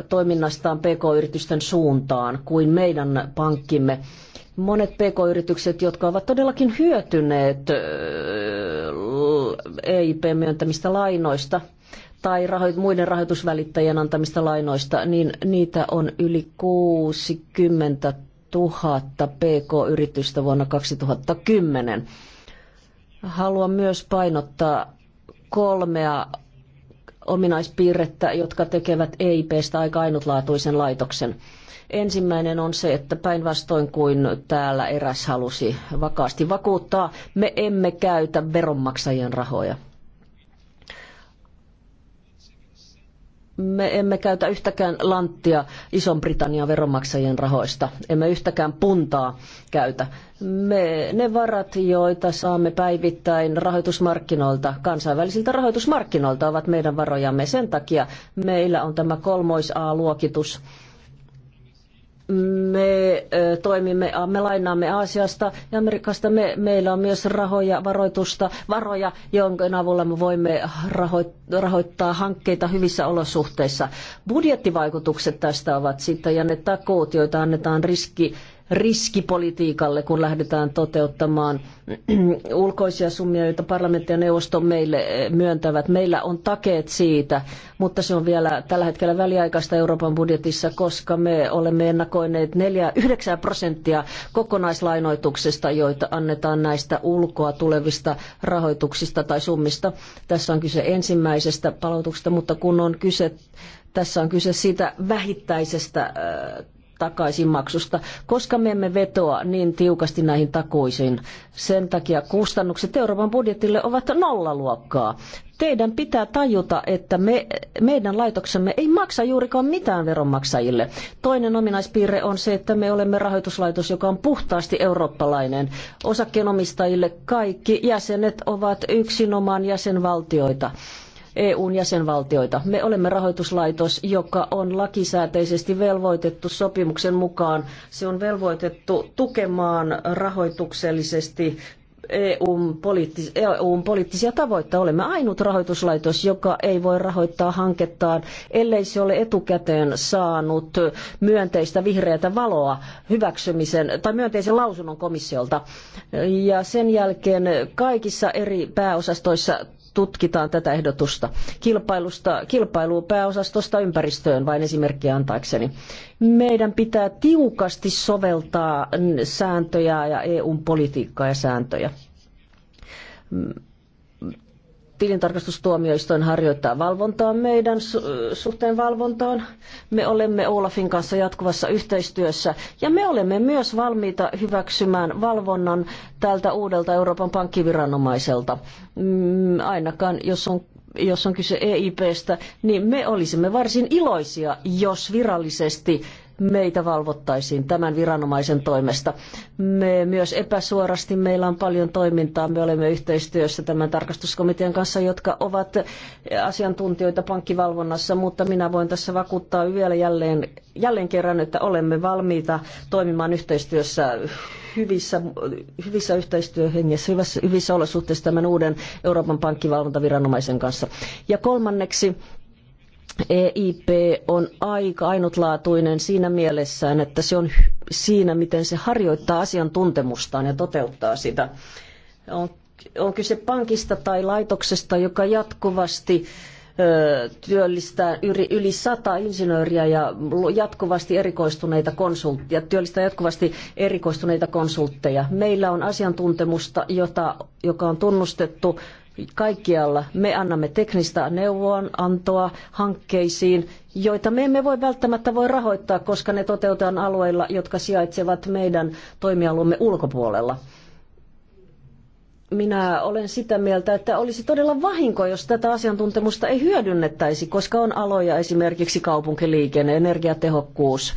toiminnastaan PK-yritysten suuntaan kuin meidän pankkimme. Monet PK-yritykset, jotka ovat todellakin hyötyneet EIP-myöntämistä lainoista, tai rahoit, muiden rahoitusvälittäjien antamista lainoista, niin niitä on yli 60 tuhatta pk-yritystä vuonna 2010. Haluan myös painottaa kolmea ominaispiirrettä, jotka tekevät EIPstä aika ainutlaatuisen laitoksen. Ensimmäinen on se, että päinvastoin kuin täällä eräs halusi vakaasti vakuuttaa, me emme käytä veronmaksajien rahoja. me emme käytä yhtäkään lanttia Ison-Britannian veronmaksajien rahoista. Emme yhtäkään puntaa käytä. Me, ne varat, joita saamme päivittäin rahoitusmarkkinoilta, kansainvälisiltä rahoitusmarkkinoilta, ovat meidän varojamme. Sen takia meillä on tämä kolmois A-luokitus me toimimme, me lainaamme Aasiasta ja Amerikasta. Me, meillä on myös rahoja, varoitusta, varoja, jonka avulla me voimme rahoittaa hankkeita hyvissä olosuhteissa. Budjettivaikutukset tästä ovat sitten ja ne takuut, joita annetaan riski riskipolitiikalle, kun lähdetään toteuttamaan ulkoisia summia, joita parlamentti ja neuvosto meille myöntävät. Meillä on takeet siitä, mutta se on vielä tällä hetkellä väliaikaista Euroopan budjetissa, koska me olemme ennakoineet 4, 9 prosenttia kokonaislainoituksesta, joita annetaan näistä ulkoa tulevista rahoituksista tai summista. Tässä on kyse ensimmäisestä palautuksesta, mutta kun on kyse tässä on kyse siitä vähittäisestä äh, takaisinmaksusta, koska me emme vetoa niin tiukasti näihin takuisiin. Sen takia kustannukset Euroopan budjetille ovat nollaluokkaa. Teidän pitää tajuta, että me, meidän laitoksemme ei maksa juurikaan mitään veronmaksajille. Toinen ominaispiirre on se, että me olemme rahoituslaitos, joka on puhtaasti eurooppalainen. Osakkeenomistajille kaikki jäsenet ovat yksinomaan jäsenvaltioita. EUn jäsenvaltioita. Me olemme rahoituslaitos, joka on lakisääteisesti velvoitettu sopimuksen mukaan. Se on velvoitettu tukemaan rahoituksellisesti EUn, poliittis- EUn poliittisia tavoitteita. Olemme ainut rahoituslaitos, joka ei voi rahoittaa hankettaan, ellei se ole etukäteen saanut myönteistä vihreätä valoa hyväksymisen tai myönteisen lausunnon komissiolta. Ja sen jälkeen kaikissa eri pääosastoissa tutkitaan tätä ehdotusta kilpailusta, kilpailupääosastosta ympäristöön vain esimerkkiä antaakseni. Meidän pitää tiukasti soveltaa sääntöjä ja eu politiikkaa ja sääntöjä tilintarkastustuomioistuin harjoittaa valvontaa meidän suhteen valvontaan. Me olemme Olafin kanssa jatkuvassa yhteistyössä ja me olemme myös valmiita hyväksymään valvonnan tältä uudelta Euroopan pankkiviranomaiselta. Mm, ainakaan jos on jos on kyse EIPstä, niin me olisimme varsin iloisia, jos virallisesti meitä valvottaisiin tämän viranomaisen toimesta. Me myös epäsuorasti meillä on paljon toimintaa. Me olemme yhteistyössä tämän tarkastuskomitean kanssa, jotka ovat asiantuntijoita pankkivalvonnassa, mutta minä voin tässä vakuuttaa vielä jälleen, jälleen kerran, että olemme valmiita toimimaan yhteistyössä hyvissä, hyvissä yhteistyöhengessä, hyvissä, hyvissä olosuhteissa tämän uuden Euroopan pankkivalvontaviranomaisen kanssa. Ja kolmanneksi EIP on aika ainutlaatuinen siinä mielessään, että se on siinä, miten se harjoittaa asiantuntemustaan ja toteuttaa sitä. On, on kyse pankista tai laitoksesta, joka jatkuvasti työllistää yli sata insinööriä ja jatkuvasti erikoistuneita konsultteja, työllistää jatkuvasti erikoistuneita konsultteja. Meillä on asiantuntemusta, jota, joka on tunnustettu kaikkialla. Me annamme teknistä neuvonantoa hankkeisiin, joita me emme voi välttämättä voi rahoittaa, koska ne toteutetaan alueilla, jotka sijaitsevat meidän toimialumme ulkopuolella minä olen sitä mieltä, että olisi todella vahinko, jos tätä asiantuntemusta ei hyödynnettäisi, koska on aloja esimerkiksi kaupunkiliikenne, energiatehokkuus,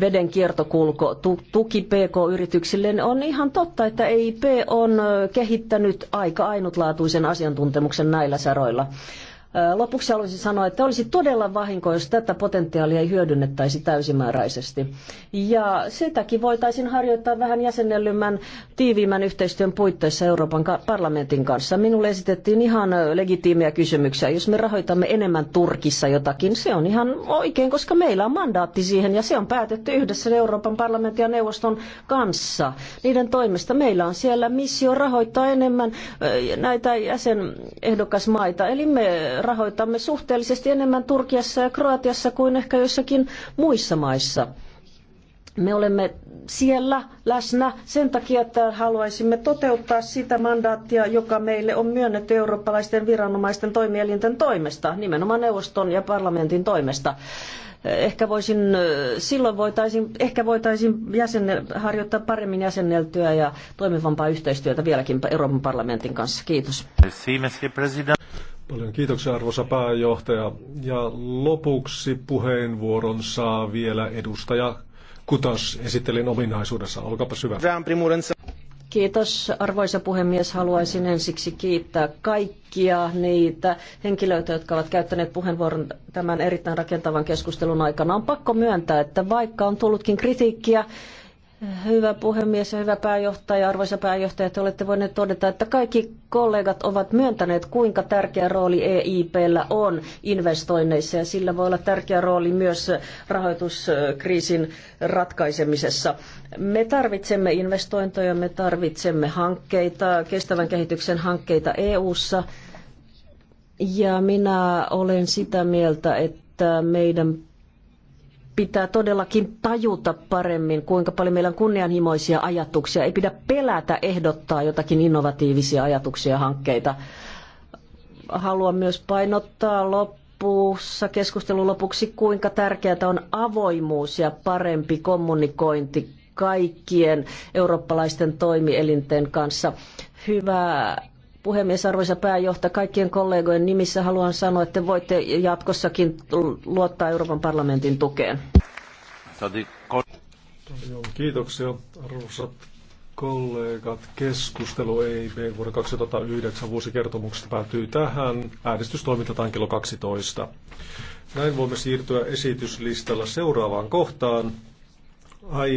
veden kiertokulko, tuki PK-yrityksille, on ihan totta, että EIP on kehittänyt aika ainutlaatuisen asiantuntemuksen näillä saroilla. Lopuksi haluaisin sanoa, että olisi todella vahinko, jos tätä potentiaalia ei hyödynnettäisi täysimääräisesti. Ja sitäkin voitaisiin harjoittaa vähän jäsennellymmän, tiiviimmän yhteistyön puitteissa Euroopan parlamentin kanssa. Minulle esitettiin ihan legitiimejä kysymyksiä. Jos me rahoitamme enemmän Turkissa jotakin, se on ihan oikein, koska meillä on mandaatti siihen ja se on päätetty yhdessä Euroopan parlamentin ja neuvoston kanssa. Niiden toimesta meillä on siellä missio rahoittaa enemmän näitä jäsenehdokasmaita. Eli me rahoitamme suhteellisesti enemmän Turkiassa ja Kroatiassa kuin ehkä joissakin muissa maissa. Me olemme siellä läsnä sen takia, että haluaisimme toteuttaa sitä mandaattia, joka meille on myönnetty eurooppalaisten viranomaisten toimielinten toimesta, nimenomaan neuvoston ja parlamentin toimesta. Ehkä, voisin, silloin voitaisiin, ehkä voitaisiin jäsenne, harjoittaa paremmin jäsenneltyä ja toimivampaa yhteistyötä vieläkin Euroopan parlamentin kanssa. Kiitos. Paljon kiitoksia arvoisa pääjohtaja. Ja lopuksi puheenvuoron saa vielä edustaja Kutas esittelin ominaisuudessa. Olkaapa hyvä. Kiitos arvoisa puhemies. Haluaisin ensiksi kiittää kaikkia niitä henkilöitä, jotka ovat käyttäneet puheenvuoron tämän erittäin rakentavan keskustelun aikana. On pakko myöntää, että vaikka on tullutkin kritiikkiä, Hyvä puhemies ja hyvä pääjohtaja, arvoisa pääjohtaja, te olette voineet todeta, että kaikki kollegat ovat myöntäneet, kuinka tärkeä rooli EIPllä on investoinneissa ja sillä voi olla tärkeä rooli myös rahoituskriisin ratkaisemisessa. Me tarvitsemme investointoja, me tarvitsemme hankkeita, kestävän kehityksen hankkeita EU:ssa ja minä olen sitä mieltä, että meidän pitää todellakin tajuta paremmin, kuinka paljon meillä on kunnianhimoisia ajatuksia. Ei pidä pelätä ehdottaa jotakin innovatiivisia ajatuksia ja hankkeita. Haluan myös painottaa lopussa, keskustelun lopuksi, kuinka tärkeää on avoimuus ja parempi kommunikointi kaikkien eurooppalaisten toimielinten kanssa. Hyvä puhemies, arvoisa pääjohtaja, kaikkien kollegojen nimissä haluan sanoa, että voitte jatkossakin luottaa Euroopan parlamentin tukeen. Kiitoksia, arvoisat kollegat. Keskustelu EIB vuoden 2009 vuosikertomuksesta päätyy tähän. Äänestys toimitetaan kello 12. Näin voimme siirtyä esityslistalla seuraavaan kohtaan. Ai